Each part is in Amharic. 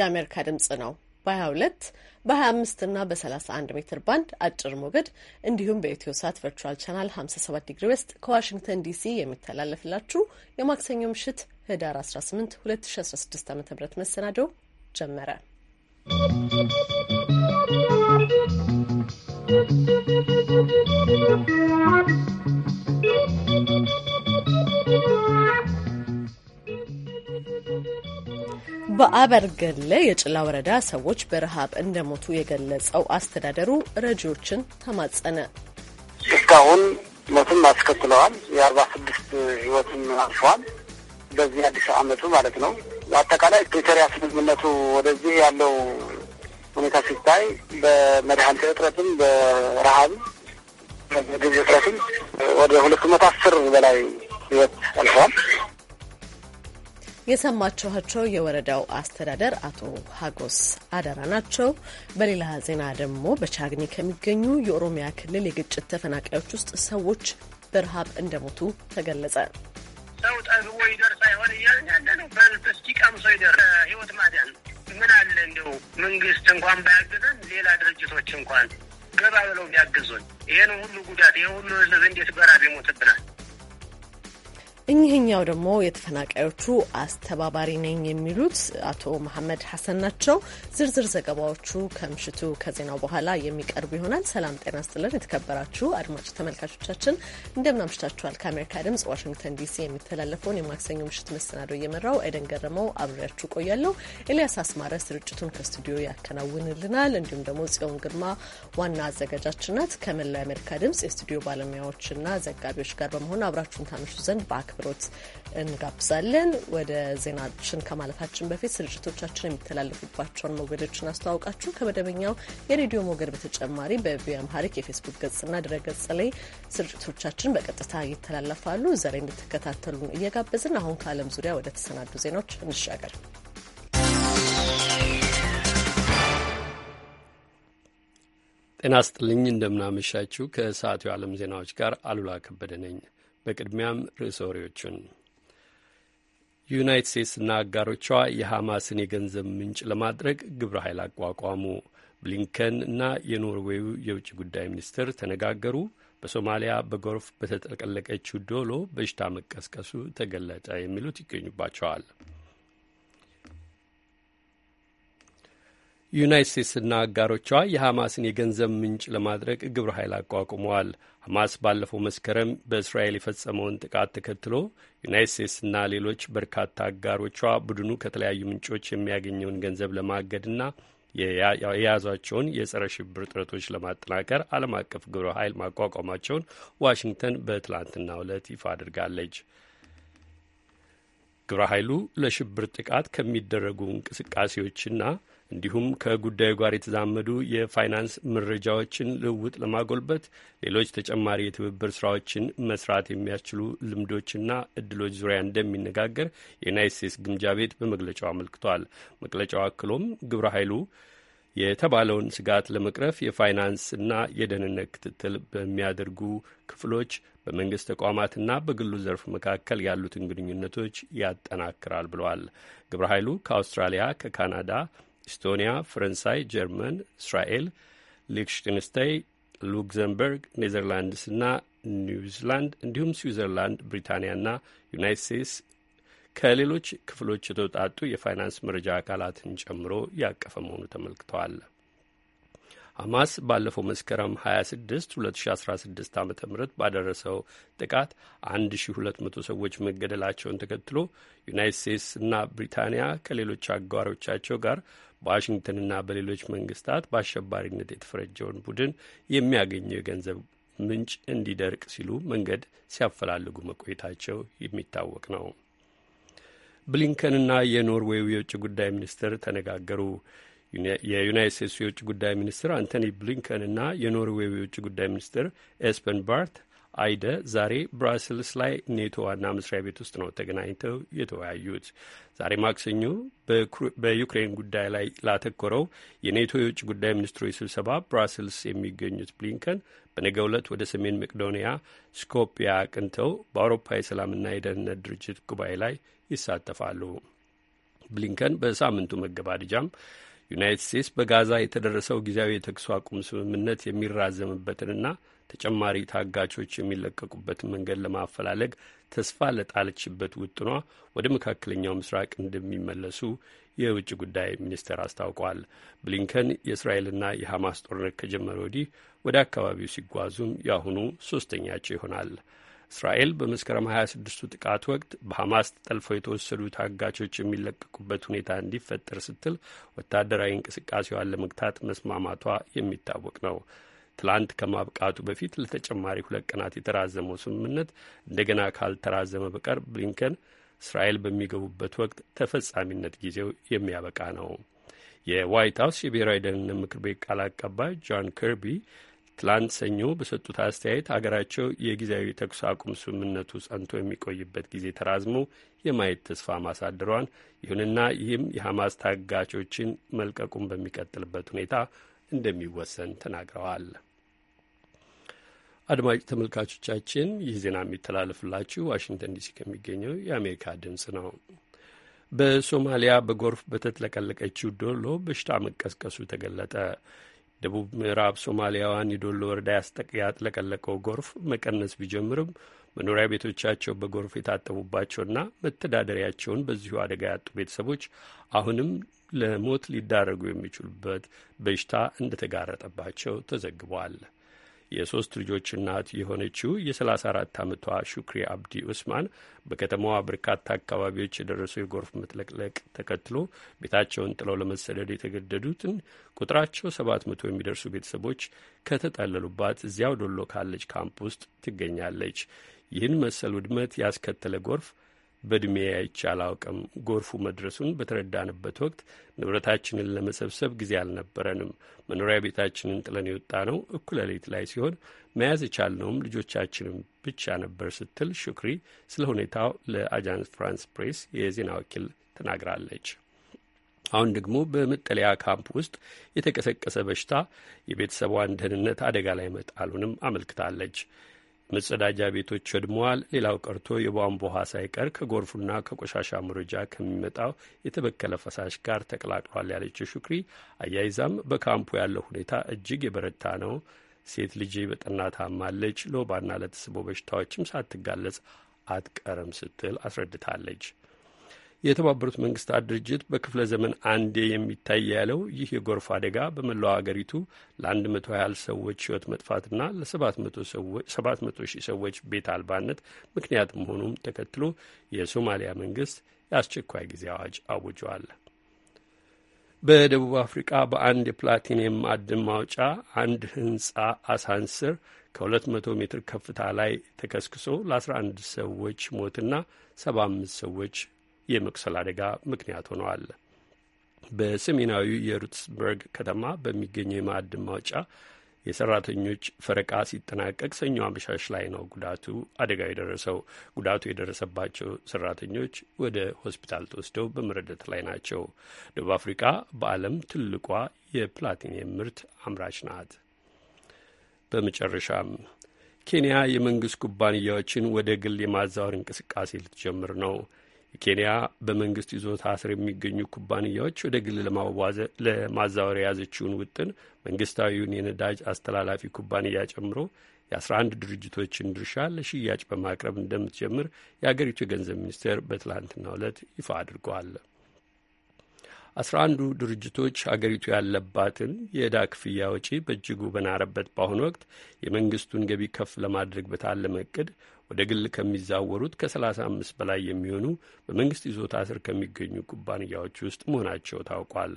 የአሜሪካ ድምጽ ነው። በ22 በ25 እና በ31 ሜትር ባንድ አጭር ሞገድ እንዲሁም በኢትዮ ሳት ቨርቹዋል ቻናል 57 ዲግሪ ውስጥ ከዋሽንግተን ዲሲ የሚተላለፍላችሁ የማክሰኞ ምሽት ህዳር 18 2016 ዓ ም ጀመረ። ¶¶ በአበርገለ የጭላ ወረዳ ሰዎች በረሃብ እንደሞቱ የገለጸው አስተዳደሩ ረጂዎችን ተማጸነ። እስካሁን ሞትም አስከትለዋል። የአርባ ስድስት ህይወትም አልፈዋል። በዚህ አዲስ አመቱ ማለት ነው። አጠቃላይ ፕሪቶሪያ ስምምነቱ ወደዚህ ያለው ሁኔታ ሲታይ በመድኃኒት እጥረትም በረሃብ በግዝ እጥረትም ወደ ሁለት መቶ አስር በላይ ህይወት አልፈዋል። የሰማችኋቸው የወረዳው አስተዳደር አቶ ሀጎስ አደራ ናቸው። በሌላ ዜና ደግሞ በቻግኒ ከሚገኙ የኦሮሚያ ክልል የግጭት ተፈናቃዮች ውስጥ ሰዎች በረሃብ እንደሞቱ ተገለጸ። ሰው ጠግቦ ይደር ሳይሆን እያለ ያለ ነው። በልቶ እስኪቀምሰው ይደር ህይወት ማዳን ምን አለ እንዲሁ መንግስት እንኳን ባያግዘን፣ ሌላ ድርጅቶች እንኳን ገባ ብለው ቢያግዙን ይህን ሁሉ ጉዳት ይህ ሁሉ ህዝብ እንዴት በራብ ይሞትብናል? እኚህኛው ደግሞ የተፈናቃዮቹ አስተባባሪ ነኝ የሚሉት አቶ መሐመድ ሀሰን ናቸው። ዝርዝር ዘገባዎቹ ከምሽቱ ከዜናው በኋላ የሚቀርቡ ይሆናል። ሰላም ጤና ስጥልን። የተከበራችሁ አድማጭ ተመልካቾቻችን እንደምን አምሽታችኋል። ከአሜሪካ ድምጽ ዋሽንግተን ዲሲ የሚተላለፈውን የማክሰኞ ምሽት መሰናዶ እየመራው አይደን ገረመው አብሬያችሁ ቆያለሁ። ኤልያስ አስማረ ስርጭቱን ከስቱዲዮ ያከናውንልናል። እንዲሁም ደግሞ ጽዮን ግርማ ዋና አዘጋጃችን ናት። ከመላው የአሜሪካ ድምጽ የስቱዲዮ ባለሙያዎችና ዘጋቢዎች ጋር በመሆን አብራችሁን ታመሹ ዘንድ በአክ በአክብሮት እንጋብዛለን። ወደ ዜናችን ከማለታችን በፊት ስርጭቶቻችን የሚተላለፉባቸውን ሞገዶችን አስተዋውቃችሁ ከመደበኛው የሬዲዮ ሞገድ በተጨማሪ በቪኦኤ አምሃሪክ የፌስቡክ ገጽና ድረገጽ ላይ ስርጭቶቻችን በቀጥታ ይተላለፋሉ። ዛሬ እንድትከታተሉን እየጋበዝን አሁን ከዓለም ዙሪያ ወደ ተሰናዱ ዜናዎች እንሻገር። ጤና ስጥልኝ እንደምናመሻችሁ። ከሰዓቱ የዓለም ዜናዎች ጋር አሉላ ከበደ ነኝ። በቅድሚያም ርዕሰ ወሬዎቹን ዩናይት ስቴትስና አጋሮቿ የሐማስን የገንዘብ ምንጭ ለማድረግ ግብረ ኃይል አቋቋሙ። ብሊንከን እና የኖርዌዩ የውጭ ጉዳይ ሚኒስትር ተነጋገሩ። በሶማሊያ በጎርፍ በተጠቀለቀችው ዶሎ በሽታ መቀስቀሱ ተገለጠ። የሚሉት ይገኙባቸዋል። ዩናይት ስቴትስና አጋሮቿ የሐማስን የገንዘብ ምንጭ ለማድረግ ግብረ ኃይል አቋቁመዋል። ሐማስ ባለፈው መስከረም በእስራኤል የፈጸመውን ጥቃት ተከትሎ ዩናይት ስቴትስና ሌሎች በርካታ አጋሮቿ ቡድኑ ከተለያዩ ምንጮች የሚያገኘውን ገንዘብ ለማገድና የያዟቸውን የጸረ ሽብር ጥረቶች ለማጠናከር ዓለም አቀፍ ግብረ ኃይል ማቋቋማቸውን ዋሽንግተን በትላንትናው ዕለት ይፋ አድርጋለች። ግብረ ኃይሉ ለሽብር ጥቃት ከሚደረጉ እንቅስቃሴዎችና እንዲሁም ከጉዳዩ ጋር የተዛመዱ የፋይናንስ መረጃዎችን ልውውጥ ለማጎልበት ሌሎች ተጨማሪ የትብብር ስራዎችን መስራት የሚያስችሉ ልምዶችና እድሎች ዙሪያ እንደሚነጋገር የዩናይት ስቴትስ ግምጃ ቤት በመግለጫው አመልክቷል። መግለጫው አክሎም ግብረ ኃይሉ የተባለውን ስጋት ለመቅረፍ የፋይናንስና የደህንነት ክትትል በሚያደርጉ ክፍሎች በመንግስት ተቋማትና በግሉ ዘርፍ መካከል ያሉትን ግንኙነቶች ያጠናክራል ብለዋል። ግብረ ኃይሉ ከአውስትራሊያ፣ ከካናዳ ኢስቶኒያ፣ ፈረንሳይ፣ ጀርመን፣ እስራኤል፣ ሊክሽትንስታይ፣ ሉክዘምበርግ፣ ና ኒውዚላንድ እንዲሁም ስዊዘርላንድ፣ ና ዩናይት ስቴትስ ከሌሎች ክፍሎች የተውጣጡ የፋይናንስ መረጃ አካላትን ጨምሮ ያቀፈ መሆኑ ተመልክተዋል። ሐማስ ባለፈው መስከረም 26 2016 ዓ ም ባደረሰው ጥቃት 1200 ሰዎች መገደላቸውን ተከትሎ ዩናይት ስቴትስ እና ብሪታንያ ከሌሎች አጋሮቻቸው ጋር በዋሽንግተንና በሌሎች መንግስታት በአሸባሪነት የተፈረጀውን ቡድን የሚያገኘው የገንዘብ ምንጭ እንዲደርቅ ሲሉ መንገድ ሲያፈላልጉ መቆየታቸው የሚታወቅ ነው። ብሊንከንና የኖርዌይ የውጭ ጉዳይ ሚኒስትር ተነጋገሩ። የዩናይት ስቴትስ የውጭ ጉዳይ ሚኒስትር አንቶኒ ብሊንከን እና የኖርዌይ የውጭ ጉዳይ ሚኒስትር ኤስፐን ባርት አይደ ዛሬ ብራስልስ ላይ ኔቶ ዋና መስሪያ ቤት ውስጥ ነው ተገናኝተው የተወያዩት። ዛሬ ማክሰኞ በዩክሬን ጉዳይ ላይ ላተኮረው የኔቶ የውጭ ጉዳይ ሚኒስትሮች ስብሰባ ብራስልስ የሚገኙት ብሊንከን በነገ ዕለት ወደ ሰሜን መቄዶንያ ስኮፒያ አቅንተው በአውሮፓ የሰላምና የደህንነት ድርጅት ጉባኤ ላይ ይሳተፋሉ። ብሊንከን በሳምንቱ መገባደጃም ዩናይትድ ስቴትስ በጋዛ የተደረሰው ጊዜያዊ የተኩስ አቁም ስምምነት የሚራዘምበትንና ተጨማሪ ታጋቾች የሚለቀቁበትን መንገድ ለማፈላለግ ተስፋ ለጣለችበት ውጥኗ ወደ መካከለኛው ምስራቅ እንደሚመለሱ የውጭ ጉዳይ ሚኒስቴር አስታውቋል። ብሊንከን የእስራኤልና የሐማስ ጦርነት ከጀመረ ወዲህ ወደ አካባቢው ሲጓዙም የአሁኑ ሶስተኛቸው ይሆናል። እስራኤል በመስከረም 26ቱ ጥቃት ወቅት በሐማስ ተጠልፈው የተወሰዱ ታጋቾች የሚለቀቁበት ሁኔታ እንዲፈጠር ስትል ወታደራዊ እንቅስቃሴዋን ለመግታት መስማማቷ የሚታወቅ ነው። ትላንት ከማብቃቱ በፊት ለተጨማሪ ሁለት ቀናት የተራዘመው ስምምነት እንደገና ካልተራዘመ በቀር ብሊንከን እስራኤል በሚገቡበት ወቅት ተፈጻሚነት ጊዜው የሚያበቃ ነው። የዋይት ሀውስ የብሔራዊ ደህንነት ምክር ቤት ቃል አቀባይ ጆን ከርቢ ትላንት ሰኞ በሰጡት አስተያየት ሀገራቸው የጊዜያዊ ተኩስ አቁም ስምምነቱ ጸንቶ የሚቆይበት ጊዜ ተራዝሞ የማየት ተስፋ ማሳደሯን፣ ይሁንና ይህም የሐማስ ታጋቾችን መልቀቁን በሚቀጥልበት ሁኔታ እንደሚወሰን ተናግረዋል። አድማጭ ተመልካቾቻችን ይህ ዜና የሚተላለፍላችሁ ዋሽንግተን ዲሲ ከሚገኘው የአሜሪካ ድምፅ ነው። በሶማሊያ በጎርፍ በተጥለቀለቀችው ዶሎ በሽታ መቀስቀሱ ተገለጠ። ደቡብ ምዕራብ ሶማሊያዋን የዶሎ ወረዳ ያጥለቀለቀው ጎርፍ መቀነስ ቢጀምርም መኖሪያ ቤቶቻቸው በጎርፍ የታጠቡባቸውና መተዳደሪያቸውን በዚሁ አደጋ ያጡ ቤተሰቦች አሁንም ለሞት ሊዳረጉ የሚችሉበት በሽታ እንደተጋረጠባቸው ተዘግበዋል። የሶስት ልጆች እናት የሆነችው የ34 ዓመቷ ሹክሪ አብዲ ኡስማን በከተማዋ በርካታ አካባቢዎች የደረሰው የጎርፍ መጥለቅለቅ ተከትሎ ቤታቸውን ጥለው ለመሰደድ የተገደዱትን ቁጥራቸው 700 የሚደርሱ ቤተሰቦች ከተጠለሉባት እዚያው ዶሎ ካለች ካምፕ ውስጥ ትገኛለች። ይህን መሰል ውድመት ያስከተለ ጎርፍ በእድሜ አይቼ አላውቅም። ጎርፉ መድረሱን በተረዳንበት ወቅት ንብረታችንን ለመሰብሰብ ጊዜ አልነበረንም። መኖሪያ ቤታችንን ጥለን የወጣ ነው እኩለ ላይ ሲሆን መያዝ የቻልነውም ልጆቻችንን ብቻ ነበር ስትል ሹክሪ ስለ ሁኔታው ለአጃንስ ፍራንስ ፕሬስ የዜና ወኪል ተናግራለች። አሁን ደግሞ በመጠለያ ካምፕ ውስጥ የተቀሰቀሰ በሽታ የቤተሰቧን ደህንነት አደጋ ላይ መጣሉንም አመልክታለች። መጸዳጃ ቤቶች ወድመዋል። ሌላው ቀርቶ የቧንቧ ውሃ ሳይቀር ከጎርፉና ከቆሻሻ መረጃ ከሚመጣው የተበከለ ፈሳሽ ጋር ተቀላቅሏል ያለችው ሹክሪ አያይዛም በካምፑ ያለው ሁኔታ እጅግ የበረታ ነው። ሴት ልጄ በጠና ታማለች፣ ለወባና ለተስቦ በሽታዎችም ሳትጋለጽ አትቀርም ስትል አስረድታለች። የተባበሩት መንግስታት ድርጅት በክፍለ ዘመን አንዴ የሚታይ ያለው ይህ የጎርፍ አደጋ በመላው አገሪቱ ለ120 ያህል ሰዎች ህይወት መጥፋትና ለ700 ሺህ ሰዎች ቤት አልባነት ምክንያት መሆኑም ተከትሎ የሶማሊያ መንግስት የአስቸኳይ ጊዜ አዋጅ አውጇል። በደቡብ አፍሪቃ በአንድ የፕላቲኒየም ማዕድን ማውጫ አንድ ህንፃ አሳንስር ከ200 ሜትር ከፍታ ላይ ተከስክሶ ለ11 ሰዎች ሞትና 75 ሰዎች የመቁሰል አደጋ ምክንያት ሆነዋል። በሰሜናዊ የሩትስበርግ ከተማ በሚገኘው የማዕድን ማውጫ የሰራተኞች ፈረቃ ሲጠናቀቅ ሰኞ አመሻሽ ላይ ነው ጉዳቱ አደጋ የደረሰው። ጉዳቱ የደረሰባቸው ሰራተኞች ወደ ሆስፒታል ተወስደው በመረደት ላይ ናቸው። ደቡብ አፍሪካ በዓለም ትልቋ የፕላቲኒየም ምርት አምራች ናት። በመጨረሻም ኬንያ የመንግስት ኩባንያዎችን ወደ ግል የማዛወር እንቅስቃሴ ልትጀምር ነው። ኬንያ በመንግስት ይዞታ ስር የሚገኙ ኩባንያዎች ወደ ግል ለማዛወር የያዘችውን ውጥን መንግስታዊውን የነዳጅ አስተላላፊ ኩባንያ ጨምሮ የ11 ድርጅቶችን ድርሻ ለሽያጭ በማቅረብ እንደምትጀምር የአገሪቱ የገንዘብ ሚኒስቴር በትላንትናው ዕለት ይፋ አድርገዋል። አስራ አንዱ ድርጅቶች አገሪቱ ያለባትን የዕዳ ክፍያ ወጪ በእጅጉ በናረበት በአሁኑ ወቅት የመንግስቱን ገቢ ከፍ ለማድረግ በታለመ እቅድ ወደ ግል ከሚዛወሩት ከ35 በላይ የሚሆኑ በመንግስት ይዞታ ስር ከሚገኙ ኩባንያዎች ውስጥ መሆናቸው ታውቋል።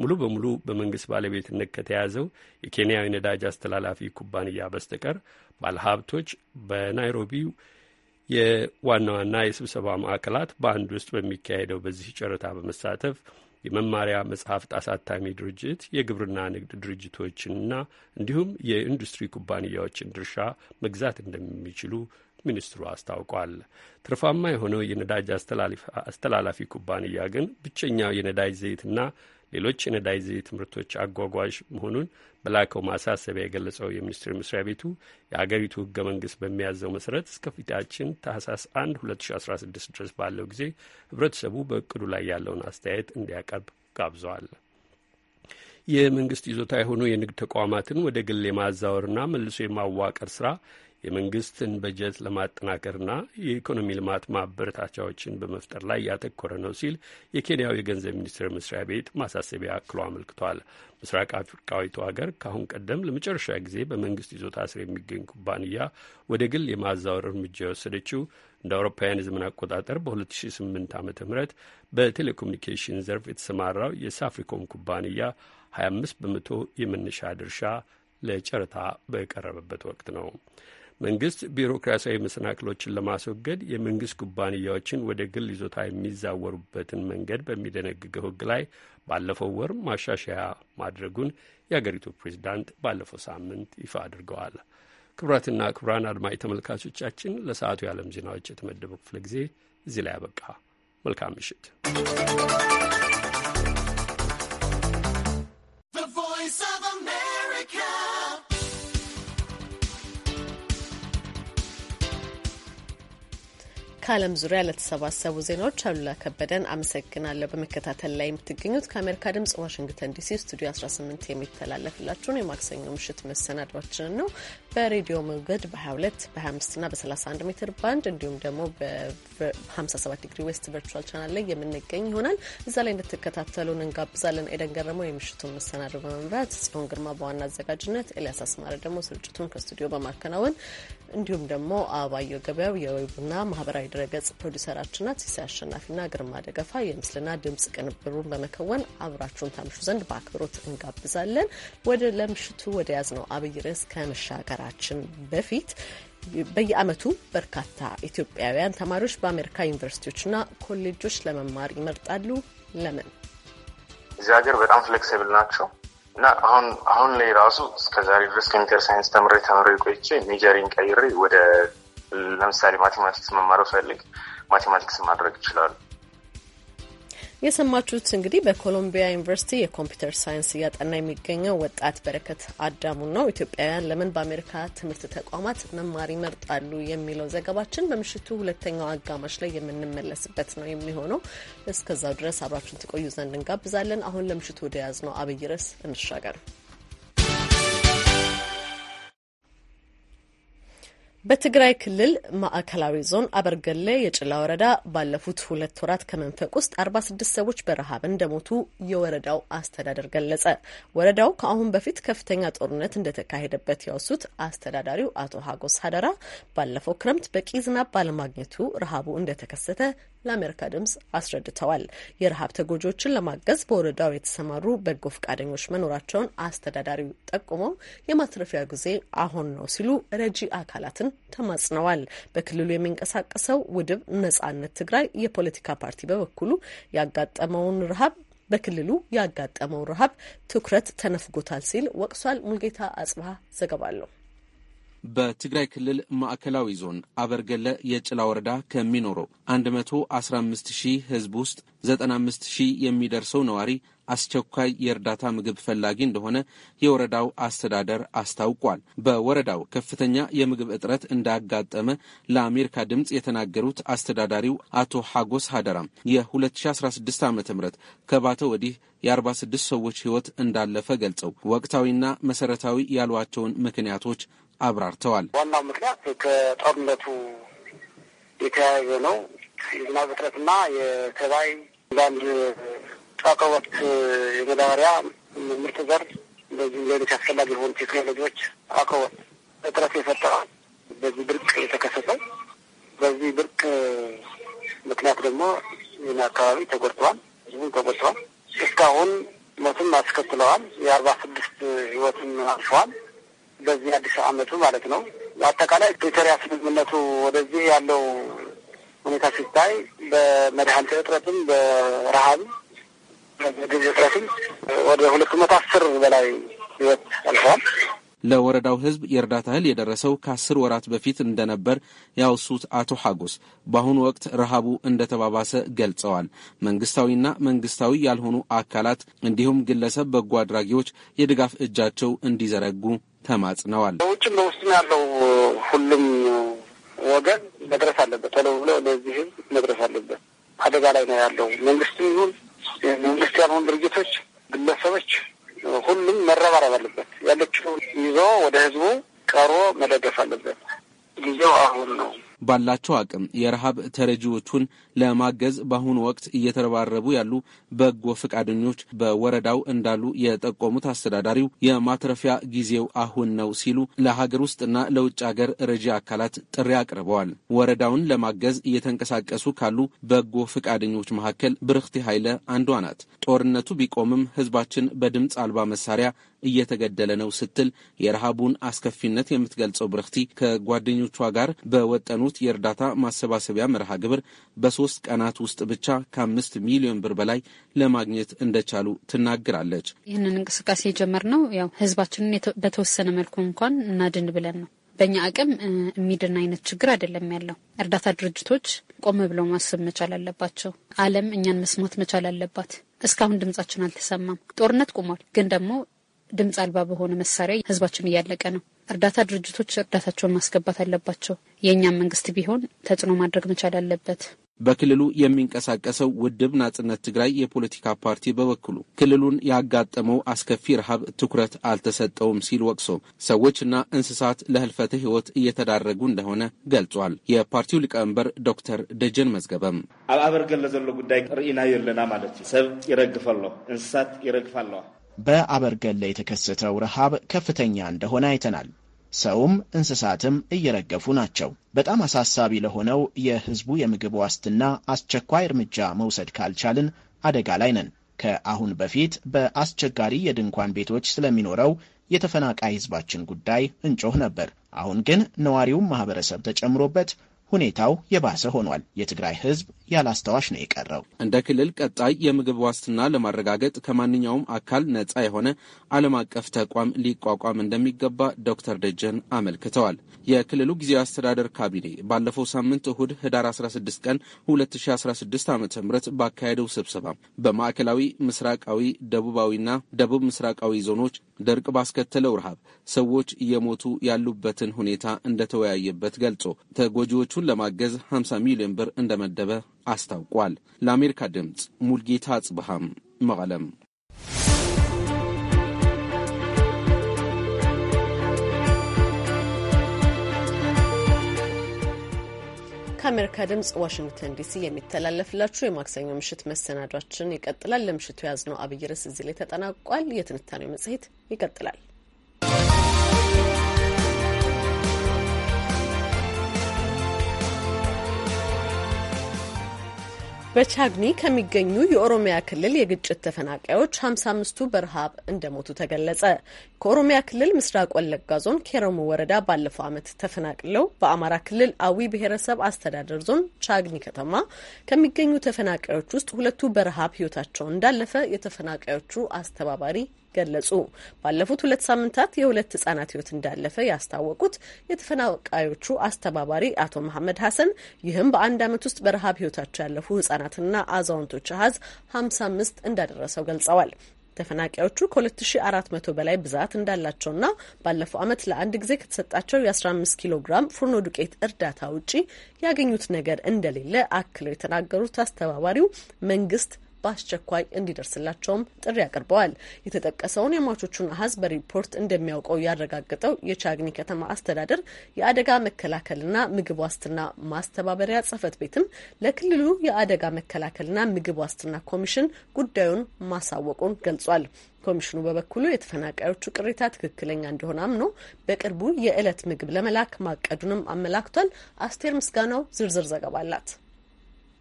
ሙሉ በሙሉ በመንግስት ባለቤትነት ከተያዘው የኬንያዊ ነዳጅ አስተላላፊ ኩባንያ በስተቀር ባለሀብቶች በናይሮቢው የዋና ዋና የስብሰባ ማዕከላት በአንድ ውስጥ በሚካሄደው በዚህ ጨረታ በመሳተፍ የመማሪያ መጽሐፍት አሳታሚ ድርጅት የግብርና ንግድ ድርጅቶችንና እንዲሁም የኢንዱስትሪ ኩባንያዎችን ድርሻ መግዛት እንደሚችሉ ሚኒስትሩ አስታውቋል። ትርፋማ የሆነው የነዳጅ አስተላላፊ ኩባንያ ግን ብቸኛው የነዳጅ ዘይትና ሌሎች የነዳጅ ዘይት ምርቶች አጓጓዥ መሆኑን በላከው ማሳሰቢያ የገለጸው የሚኒስቴር መስሪያ ቤቱ የአገሪቱ ህገ መንግስት በሚያዘው መሰረት እስከፊታችን ታህሳስ 1 2016 ድረስ ባለው ጊዜ ህብረተሰቡ በእቅዱ ላይ ያለውን አስተያየት እንዲያቀርብ ጋብዘዋል። የመንግስት ይዞታ የሆኑ የንግድ ተቋማትን ወደ ግል የማዛወርና መልሶ የማዋቀር ስራ የመንግስትን በጀት ለማጠናከርና የኢኮኖሚ ልማት ማበረታቻዎችን በመፍጠር ላይ ያተኮረ ነው ሲል የኬንያው የገንዘብ ሚኒስቴር መስሪያ ቤት ማሳሰቢያ አክሎ አመልክቷል። ምስራቅ አፍሪካዊቱ ሀገር ከአሁን ቀደም ለመጨረሻ ጊዜ በመንግስት ይዞታ ስር የሚገኝ ኩባንያ ወደ ግል የማዛወር እርምጃ የወሰደችው እንደ አውሮፓውያን የዘመን አቆጣጠር በ2008 ዓ ም በቴሌኮሙኒኬሽን ዘርፍ የተሰማራው የሳፍሪኮም ኩባንያ 25 በመቶ የመነሻ ድርሻ ለጨረታ በቀረበበት ወቅት ነው። መንግስት ቢሮክራሲያዊ መሰናክሎችን ለማስወገድ የመንግስት ኩባንያዎችን ወደ ግል ይዞታ የሚዛወሩበትን መንገድ በሚደነግገው ህግ ላይ ባለፈው ወር ማሻሻያ ማድረጉን የአገሪቱ ፕሬዚዳንት ባለፈው ሳምንት ይፋ አድርገዋል። ክቡራትና ክቡራን አድማጭ ተመልካቾቻችን ለሰዓቱ የዓለም ዜናዎች የተመደበው ክፍለ ጊዜ እዚህ ላይ አበቃ። መልካም ምሽት። ከዓለም ዙሪያ ለተሰባሰቡ ዜናዎች አሉላ ከበደን አመሰግናለሁ። በመከታተል ላይ የምትገኙት ከአሜሪካ ድምጽ ዋሽንግተን ዲሲ ስቱዲዮ 18 የሚተላለፍላችሁን የማክሰኞ ምሽት መሰናዷችንን ነው። በሬዲዮ ሞገድ በ22 በ25ና በ31 ሜትር ባንድ እንዲሁም ደግሞ በ57 ዲግሪ ዌስት ቨርቹዋል ቻናል ላይ የምንገኝ ይሆናል። እዛ ላይ እንድትከታተሉን እንጋብዛለን። ኤደን ገረመው የምሽቱን መሰናዶ በመምራት ጽዮን ግርማ በዋና አዘጋጅነት፣ ኤልያስ አስማረ ደግሞ ስርጭቱን ከስቱዲዮ በማከናወን እንዲሁም ደግሞ አበባየሁ ገበያው የዌብና ማህበራዊ ድረገጽ ፕሮዲሰራችን ናት። ሲሳይ አሸናፊና ግርማ ደገፋ የምስልና ድምጽ ቅንብሩን በመከወን አብራችሁን ታምሹ ዘንድ በአክብሮት እንጋብዛለን። ወደ ለምሽቱ ወደ ያዝ ነው አብይ ርዕስ ከመሻገራችን በፊት በየዓመቱ በርካታ ኢትዮጵያውያን ተማሪዎች በአሜሪካ ዩኒቨርሲቲዎችና ኮሌጆች ለመማር ይመርጣሉ። ለምን? እዚህ ሀገር በጣም ፍሌክሲብል ናቸው። እና አሁን አሁን ላይ ራሱ እስከዛሬ ድረስ ኮምፒተር ሳይንስ ተምሬ ተምሬ ቆይቼ ሜጀሪን ቀይሬ ወደ ለምሳሌ ማቴማቲክስ መማረው ፈልግ ማቴማቲክስ ማድረግ ይችላሉ። የሰማችሁት እንግዲህ በኮሎምቢያ ዩኒቨርሲቲ የኮምፒውተር ሳይንስ እያጠና የሚገኘው ወጣት በረከት አዳሙ ነው። ኢትዮጵያውያን ለምን በአሜሪካ ትምህርት ተቋማት መማር ይመርጣሉ የሚለው ዘገባችን በምሽቱ ሁለተኛው አጋማሽ ላይ የምንመለስበት ነው የሚሆነው። እስከዛው ድረስ አብራችን ትቆዩ ዘንድ እንጋብዛለን። አሁን ለምሽቱ ወደ ነው አብይ ርዕስ እንሻገር። በትግራይ ክልል ማዕከላዊ ዞን አበርገሌ የጭላ ወረዳ ባለፉት ሁለት ወራት ከመንፈቅ ውስጥ አርባ ስድስት ሰዎች በረሃብ እንደሞቱ የወረዳው አስተዳደር ገለጸ። ወረዳው ከአሁን በፊት ከፍተኛ ጦርነት እንደተካሄደበት ያወሱት አስተዳዳሪው አቶ ሀጎስ ሀደራ ባለፈው ክረምት በቂ ዝናብ ባለማግኘቱ ረሃቡ እንደተከሰተ ለአሜሪካ ድምጽ አስረድተዋል። የረሃብ ተጎጂዎችን ለማገዝ በወረዳው የተሰማሩ በጎ ፈቃደኞች መኖራቸውን አስተዳዳሪው ጠቁመው የማትረፊያ ጊዜ አሁን ነው ሲሉ ረጂ አካላትን ተማጽነዋል። በክልሉ የሚንቀሳቀሰው ውድብ ነጻነት ትግራይ የፖለቲካ ፓርቲ በበኩሉ ያጋጠመውን ረሃብ በክልሉ ያጋጠመው ረሃብ ትኩረት ተነፍጎታል ሲል ወቅሷል። ሙልጌታ አጽባሀ ዘገባለሁ። በትግራይ ክልል ማዕከላዊ ዞን አበርገለ የጭላ ወረዳ ከሚኖረው 115 ሺህ ህዝብ ውስጥ 95 ሺህ የሚደርሰው ነዋሪ አስቸኳይ የእርዳታ ምግብ ፈላጊ እንደሆነ የወረዳው አስተዳደር አስታውቋል። በወረዳው ከፍተኛ የምግብ እጥረት እንዳጋጠመ ለአሜሪካ ድምፅ የተናገሩት አስተዳዳሪው አቶ ሐጎስ ሀደራም የ2016 ዓ ም ከባተ ወዲህ የ46 ሰዎች ሕይወት እንዳለፈ ገልጸው ወቅታዊና መሰረታዊ ያሏቸውን ምክንያቶች አብራርተዋል። ዋናው ምክንያት ከጦርነቱ የተያያዘ ነው። የዝናብ እጥረትና የተባይ አንዳንድ ጸቀ ወቅት የመዳበሪያ ምርት ዘር እንደዚሁም ሌሎች አስፈላጊ የሆኑ ቴክኖሎጂዎች አቅርቦት እጥረት የፈጠረዋል። በዚህ ድርቅ የተከሰተው በዚህ ድርቅ ምክንያት ደግሞ ይህን አካባቢ ተጎድተዋል፣ ህዝቡም ተጎድተዋል። እስካሁን ሞትም አስከትለዋል። የአርባ ስድስት ህይወትም አልፈዋል። በዚህ አዲስ አመቱ ማለት ነው። አጠቃላይ ፕሪቶሪያ ስምምነቱ ወደዚህ ያለው ሁኔታ ሲታይ በመድኃኒት እጥረትም በረሃብም በጊዜ እጥረትም ወደ ሁለት መቶ አስር በላይ ህይወት አልፈዋል። ለወረዳው ህዝብ የእርዳታ እህል የደረሰው ከአስር ወራት በፊት እንደነበር ያወሱት አቶ ሐጎስ በአሁኑ ወቅት ረሃቡ እንደተባባሰ ገልጸዋል። መንግስታዊና መንግስታዊ ያልሆኑ አካላት እንዲሁም ግለሰብ በጎ አድራጊዎች የድጋፍ እጃቸው እንዲዘረጉ ተማጽነዋል። በውጭም በውስጥም ያለው ሁሉም ወገን መድረስ አለበት። ቶሎ ብሎ ለዚህ ህዝብ መድረስ አለበት። አደጋ ላይ ነው ያለው መንግስትም ይሁን መንግስት ያልሆኑ ድርጅቶች፣ ግለሰቦች ሁሉም መረባረብ አለበት። ያለችው ይዞ ወደ ህዝቡ ቀርቦ መደገፍ አለበት። ጊዜው አሁን ነው። ባላቸው አቅም የረሃብ ተረጂዎቹን ለማገዝ በአሁኑ ወቅት እየተረባረቡ ያሉ በጎ ፈቃደኞች በወረዳው እንዳሉ የጠቆሙት አስተዳዳሪው የማትረፊያ ጊዜው አሁን ነው ሲሉ ለሀገር ውስጥና ለውጭ ሀገር ረጂ አካላት ጥሪ አቅርበዋል። ወረዳውን ለማገዝ እየተንቀሳቀሱ ካሉ በጎ ፈቃደኞች መካከል ብርክቲ ኃይለ አንዷ ናት። ጦርነቱ ቢቆምም ህዝባችን በድምፅ አልባ መሳሪያ እየተገደለ ነው ስትል የረሃቡን አስከፊነት የምትገልጸው ብርክቲ ከጓደኞቿ ጋር በወጠኑት የእርዳታ ማሰባሰቢያ መርሃ ግብር በሶስት ቀናት ውስጥ ብቻ ከአምስት ሚሊዮን ብር በላይ ለማግኘት እንደቻሉ ትናገራለች። ይህንን እንቅስቃሴ ነው። ያው ህዝባችንን በተወሰነ መልኩ እንኳን እናድን ብለን ነው። በእኛ አቅም የሚድን አይነት ችግር አይደለም ያለው። እርዳታ ድርጅቶች ቆም ብለው ማሰብ መቻል አለባቸው። ዓለም እኛን መስማት መቻል አለባት። እስካሁን ድምጻችን አልተሰማም። ጦርነት ቁሟል፣ ግን ደግሞ ድምፅ አልባ በሆነ መሳሪያ ህዝባችን እያለቀ ነው። እርዳታ ድርጅቶች እርዳታቸውን ማስገባት አለባቸው። የእኛም መንግስት ቢሆን ተጽዕኖ ማድረግ መቻል አለበት። በክልሉ የሚንቀሳቀሰው ውድብ ናጽነት ትግራይ የፖለቲካ ፓርቲ በበኩሉ ክልሉን ያጋጠመው አስከፊ ረሃብ ትኩረት አልተሰጠውም ሲል ወቅሶ ሰዎችና እንስሳት ለህልፈተ ህይወት እየተዳረጉ እንደሆነ ገልጿል። የፓርቲው ሊቀመንበር ዶክተር ደጀን መዝገበም ኣብ ኣበርገለ ዘሎ ጉዳይ ርኢና የለና ማለት እዩ ሰብ ይረግፍ ኣሎ እንስሳት ይረግፍ ኣለዋ በአበርገላ የተከሰተው ረሃብ ከፍተኛ እንደሆነ አይተናል። ሰውም እንስሳትም እየረገፉ ናቸው። በጣም አሳሳቢ ለሆነው የህዝቡ የምግብ ዋስትና አስቸኳይ እርምጃ መውሰድ ካልቻልን አደጋ ላይ ነን። ከአሁን በፊት በአስቸጋሪ የድንኳን ቤቶች ስለሚኖረው የተፈናቃይ ህዝባችን ጉዳይ እንጮህ ነበር። አሁን ግን ነዋሪውም ማኅበረሰብ ተጨምሮበት ሁኔታው የባሰ ሆኗል። የትግራይ ህዝብ ያላስታዋሽ ነው የቀረው። እንደ ክልል ቀጣይ የምግብ ዋስትና ለማረጋገጥ ከማንኛውም አካል ነጻ የሆነ ዓለም አቀፍ ተቋም ሊቋቋም እንደሚገባ ዶክተር ደጀን አመልክተዋል። የክልሉ ጊዜያዊ አስተዳደር ካቢኔ ባለፈው ሳምንት እሁድ ህዳር 16 ቀን 2016 ዓ ም ባካሄደው ስብሰባ በማዕከላዊ ምስራቃዊ፣ ደቡባዊና ደቡብ ምስራቃዊ ዞኖች ድርቅ ባስከተለው ረሃብ ሰዎች እየሞቱ ያሉበትን ሁኔታ እንደተወያየበት ገልጾ ተጎጂዎቹን ሂደቱን ለማገዝ 50 ሚሊዮን ብር እንደመደበ አስታውቋል። ለአሜሪካ ድምፅ ሙልጌታ አጽብሃም መቀለም። ከአሜሪካ ድምጽ ዋሽንግተን ዲሲ የሚተላለፍላችሁ የማክሰኞ ምሽት መሰናዷችን ይቀጥላል። ለምሽቱ የያዝነው አብይ ርዕስ እዚህ ላይ ተጠናቋል። የትንታኔው መጽሔት ይቀጥላል። በቻግኒ ከሚገኙ የኦሮሚያ ክልል የግጭት ተፈናቃዮች 55ቱ በረሃብ እንደሞቱ ተገለጸ። ከኦሮሚያ ክልል ምስራቅ ወለጋ ዞን ኬረሙ ወረዳ ባለፈው ዓመት ተፈናቅለው በአማራ ክልል አዊ ብሔረሰብ አስተዳደር ዞን ቻግኒ ከተማ ከሚገኙ ተፈናቃዮች ውስጥ ሁለቱ በረሃብ ሕይወታቸው እንዳለፈ የተፈናቃዮቹ አስተባባሪ ገለጹ። ባለፉት ሁለት ሳምንታት የሁለት ህጻናት ህይወት እንዳለፈ ያስታወቁት የተፈናቃዮቹ አስተባባሪ አቶ መሐመድ ሀሰን ይህም በአንድ አመት ውስጥ በረሃብ ህይወታቸው ያለፉ ህጻናትና አዛውንቶች አሀዝ 55 እንዳደረሰው ገልጸዋል። ተፈናቃዮቹ ከ2400 በላይ ብዛት እንዳላቸውና ባለፈው አመት ለአንድ ጊዜ ከተሰጣቸው የ15 ኪሎ ግራም ፍርኖ ዱቄት እርዳታ ውጪ ያገኙት ነገር እንደሌለ አክለው የተናገሩት አስተባባሪው መንግስት በአስቸኳይ እንዲደርስላቸውም ጥሪ አቅርበዋል። የተጠቀሰውን የሟቾቹን አሀዝ በሪፖርት እንደሚያውቀው ያረጋገጠው የቻግኒ ከተማ አስተዳደር የአደጋ መከላከልና ምግብ ዋስትና ማስተባበሪያ ጽህፈት ቤትም ለክልሉ የአደጋ መከላከልና ምግብ ዋስትና ኮሚሽን ጉዳዩን ማሳወቁን ገልጿል። ኮሚሽኑ በበኩሉ የተፈናቃዮቹ ቅሬታ ትክክለኛ እንደሆነ አምኖ በቅርቡ የዕለት ምግብ ለመላክ ማቀዱንም አመላክቷል። አስቴር ምስጋናው ዝርዝር ዘገባ አላት።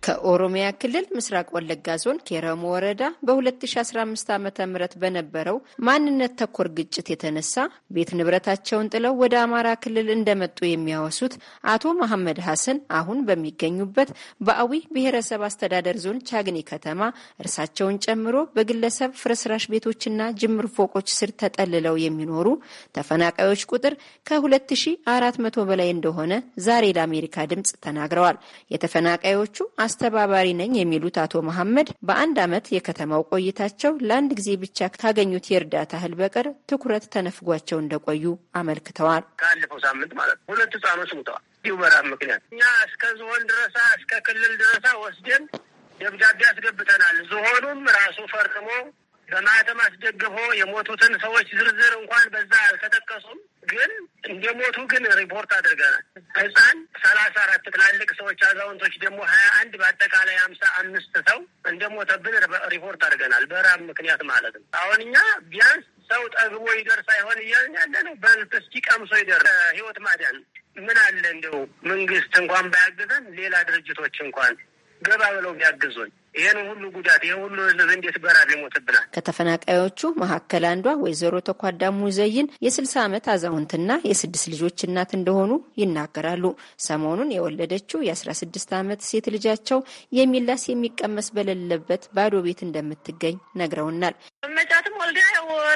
ከኦሮሚያ ክልል ምስራቅ ወለጋ ዞን ኬረሞ ወረዳ በ2015 ዓ ም በነበረው ማንነት ተኮር ግጭት የተነሳ ቤት ንብረታቸውን ጥለው ወደ አማራ ክልል እንደመጡ የሚያወሱት አቶ መሐመድ ሐሰን አሁን በሚገኙበት በአዊ ብሔረሰብ አስተዳደር ዞን ቻግኒ ከተማ እርሳቸውን ጨምሮ በግለሰብ ፍርስራሽ ቤቶችና ጅምር ፎቆች ስር ተጠልለው የሚኖሩ ተፈናቃዮች ቁጥር ከ2400 በላይ እንደሆነ ዛሬ ለአሜሪካ ድምፅ ተናግረዋል። የተፈናቃዮቹ አስተባባሪ ነኝ የሚሉት አቶ መሐመድ በአንድ ዓመት የከተማው ቆይታቸው ለአንድ ጊዜ ብቻ ካገኙት የእርዳታ እህል በቀር ትኩረት ተነፍጓቸው እንደቆዩ አመልክተዋል። ካለፈው ሳምንት ማለት ሁለት ህጻኖች ሙተዋል። ይህ ምክንያት እኛ እስከ ዝሆን ድረሳ እስከ ክልል ድረሳ ወስደን ደብዳቤ አስገብተናል። ዝሆኑም ራሱ ፈርሞ በማህተም አስደግፎ የሞቱትን ሰዎች ዝርዝር እንኳን በዛ አልተጠቀሱም። ግን እንደሞቱ ግን ሪፖርት አድርገናል። ህፃን ሰላሳ አራት ትላልቅ ሰዎች፣ አዛውንቶች ደግሞ ሀያ አንድ በአጠቃላይ ሀምሳ አምስት ሰው እንደሞተብን ሪፖርት አድርገናል። በራብ ምክንያት ማለት ነው። አሁን እኛ ቢያንስ ሰው ጠግቦ ይደርስ አይሆን እያልን ያለ ነው። በልት እስኪ ቀምሶ ይደር ህይወት ማዳን ምን አለ እንደው መንግስት እንኳን ባያግዘን ሌላ ድርጅቶች እንኳን ገባ ብለው ቢያግዙን ይህን ሁሉ ጉዳት ይህ ሁሉ ህዝብ እንዴት በራብ ይሞትብናል? ከተፈናቃዮቹ መካከል አንዷ ወይዘሮ ተኳዳ ሙዘይን የስልሳ ዓመት አዛውንትና የስድስት ልጆች እናት እንደሆኑ ይናገራሉ። ሰሞኑን የወለደችው የአስራ ስድስት ዓመት ሴት ልጃቸው የሚላስ የሚቀመስ በሌለበት ባዶ ቤት እንደምትገኝ ነግረውናል። መጫትም ወልዲያ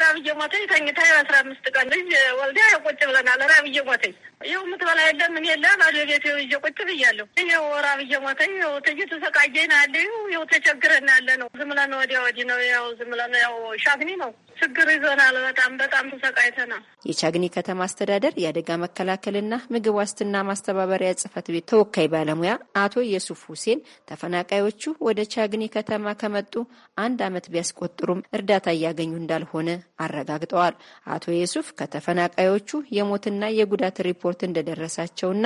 ራብ እየሞተኝ ተኝታ አስራ አምስት ቀን ልጅ ወልዲያ ቁጭ ብለናል። ራብ እየሞተኝ ይኸው የምትበላ የለ ምን የለ ባዶ ቤት እየቁጭ ብያለሁ። ይኸው ራብ እየሞተኝ ትጅ ተሰቃየኝ አለ ተቸግረን ያለ ነው። ዝም ብለን ወዲያ ወዲህ ነው። ያው ዝም ብለን ያው ሻግኒ ነው ችግር ይዞናል። በጣም በጣም ተሰቃይተናል። የቻግኒ ከተማ አስተዳደር የአደጋ መከላከልና ምግብ ዋስትና ማስተባበሪያ ጽህፈት ቤት ተወካይ ባለሙያ አቶ የሱፍ ሁሴን ተፈናቃዮቹ ወደ ቻግኒ ከተማ ከመጡ አንድ ዓመት ቢያስቆጥሩም እርዳታ እያገኙ እንዳልሆነ አረጋግጠዋል። አቶ የሱፍ ከተፈናቃዮቹ የሞትና የጉዳት ሪፖርት እንደደረሳቸውና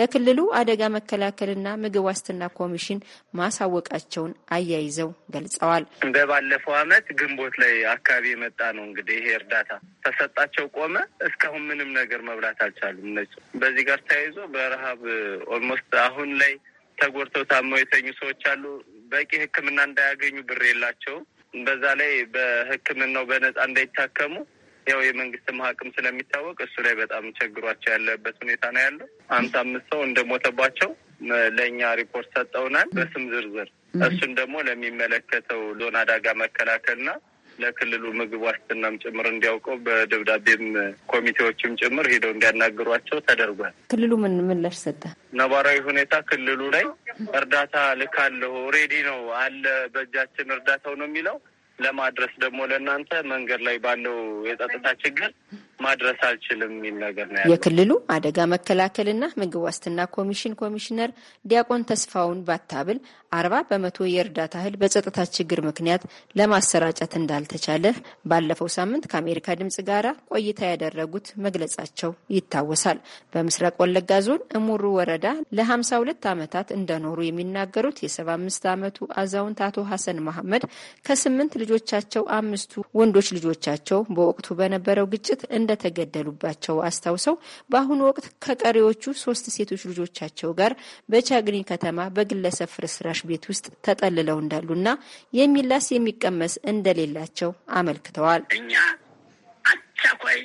ለክልሉ አደጋ መከላከልና ምግብ ዋስትና ኮሚሽን ማሳወቃቸውን አያይዘው ገልጸዋል። በባለፈው አመት ግንቦት ላይ አካባቢ የመጣ ነው እንግዲህ ይሄ እርዳታ ተሰጣቸው ቆመ። እስካሁን ምንም ነገር መብላት አልቻሉም። እነሱ በዚህ ጋር ተያይዞ በረሀብ ኦልሞስት አሁን ላይ ተጎድተው ታመው የተኙ ሰዎች አሉ። በቂ ሕክምና እንዳያገኙ ብር የላቸውም። በዛ ላይ በሕክምናው በነጻ እንዳይታከሙ ያው የመንግስት አቅም ስለሚታወቅ እሱ ላይ በጣም ቸግሯቸው ያለበት ሁኔታ ነው ያለው። ሀምሳ አምስት ሰው እንደሞተባቸው ለእኛ ሪፖርት ሰጠውናል በስም ዝርዝር። እሱን ደግሞ ለሚመለከተው ዞን አደጋ መከላከልና ለክልሉ ምግብ ዋስትናም ጭምር እንዲያውቀው በደብዳቤም ኮሚቴዎችም ጭምር ሄደው እንዲያናግሯቸው ተደርጓል። ክልሉ ምን ምላሽ ሰጠ? ነባራዊ ሁኔታ ክልሉ ላይ እርዳታ ልካለሁ፣ ሬዲ ነው አለ በእጃችን እርዳታው ነው የሚለው ለማድረስ ደግሞ ለእናንተ መንገድ ላይ ባለው የጸጥታ ችግር ማድረስ አልችልም የሚል ነገር ነው ያለው። የክልሉ አደጋ መከላከልና ምግብ ዋስትና ኮሚሽን ኮሚሽነር ዲያቆን ተስፋውን ባታብል አርባ በመቶ የእርዳታ እህል በጸጥታ ችግር ምክንያት ለማሰራጨት እንዳልተቻለ ባለፈው ሳምንት ከአሜሪካ ድምጽ ጋራ ቆይታ ያደረጉት መግለጻቸው ይታወሳል። በምስራቅ ወለጋ ዞን እሙሩ ወረዳ ለ52 ዓመታት እንደኖሩ የሚናገሩት የ75 ዓመቱ አዛውንት አቶ ሀሰን መሐመድ ከስምንት ልጆቻቸው አምስቱ ወንዶች ልጆቻቸው በወቅቱ በነበረው ግጭት እንደተገደሉባቸው አስታውሰው በአሁኑ ወቅት ከቀሪዎቹ ሶስት ሴቶች ልጆቻቸው ጋር በቻግኒ ከተማ በግለሰብ ፍርስራሽ ፍራሽ ቤት ውስጥ ተጠልለው እንዳሉና የሚላስ የሚቀመስ እንደሌላቸው አመልክተዋል። እኛ አቻኳይ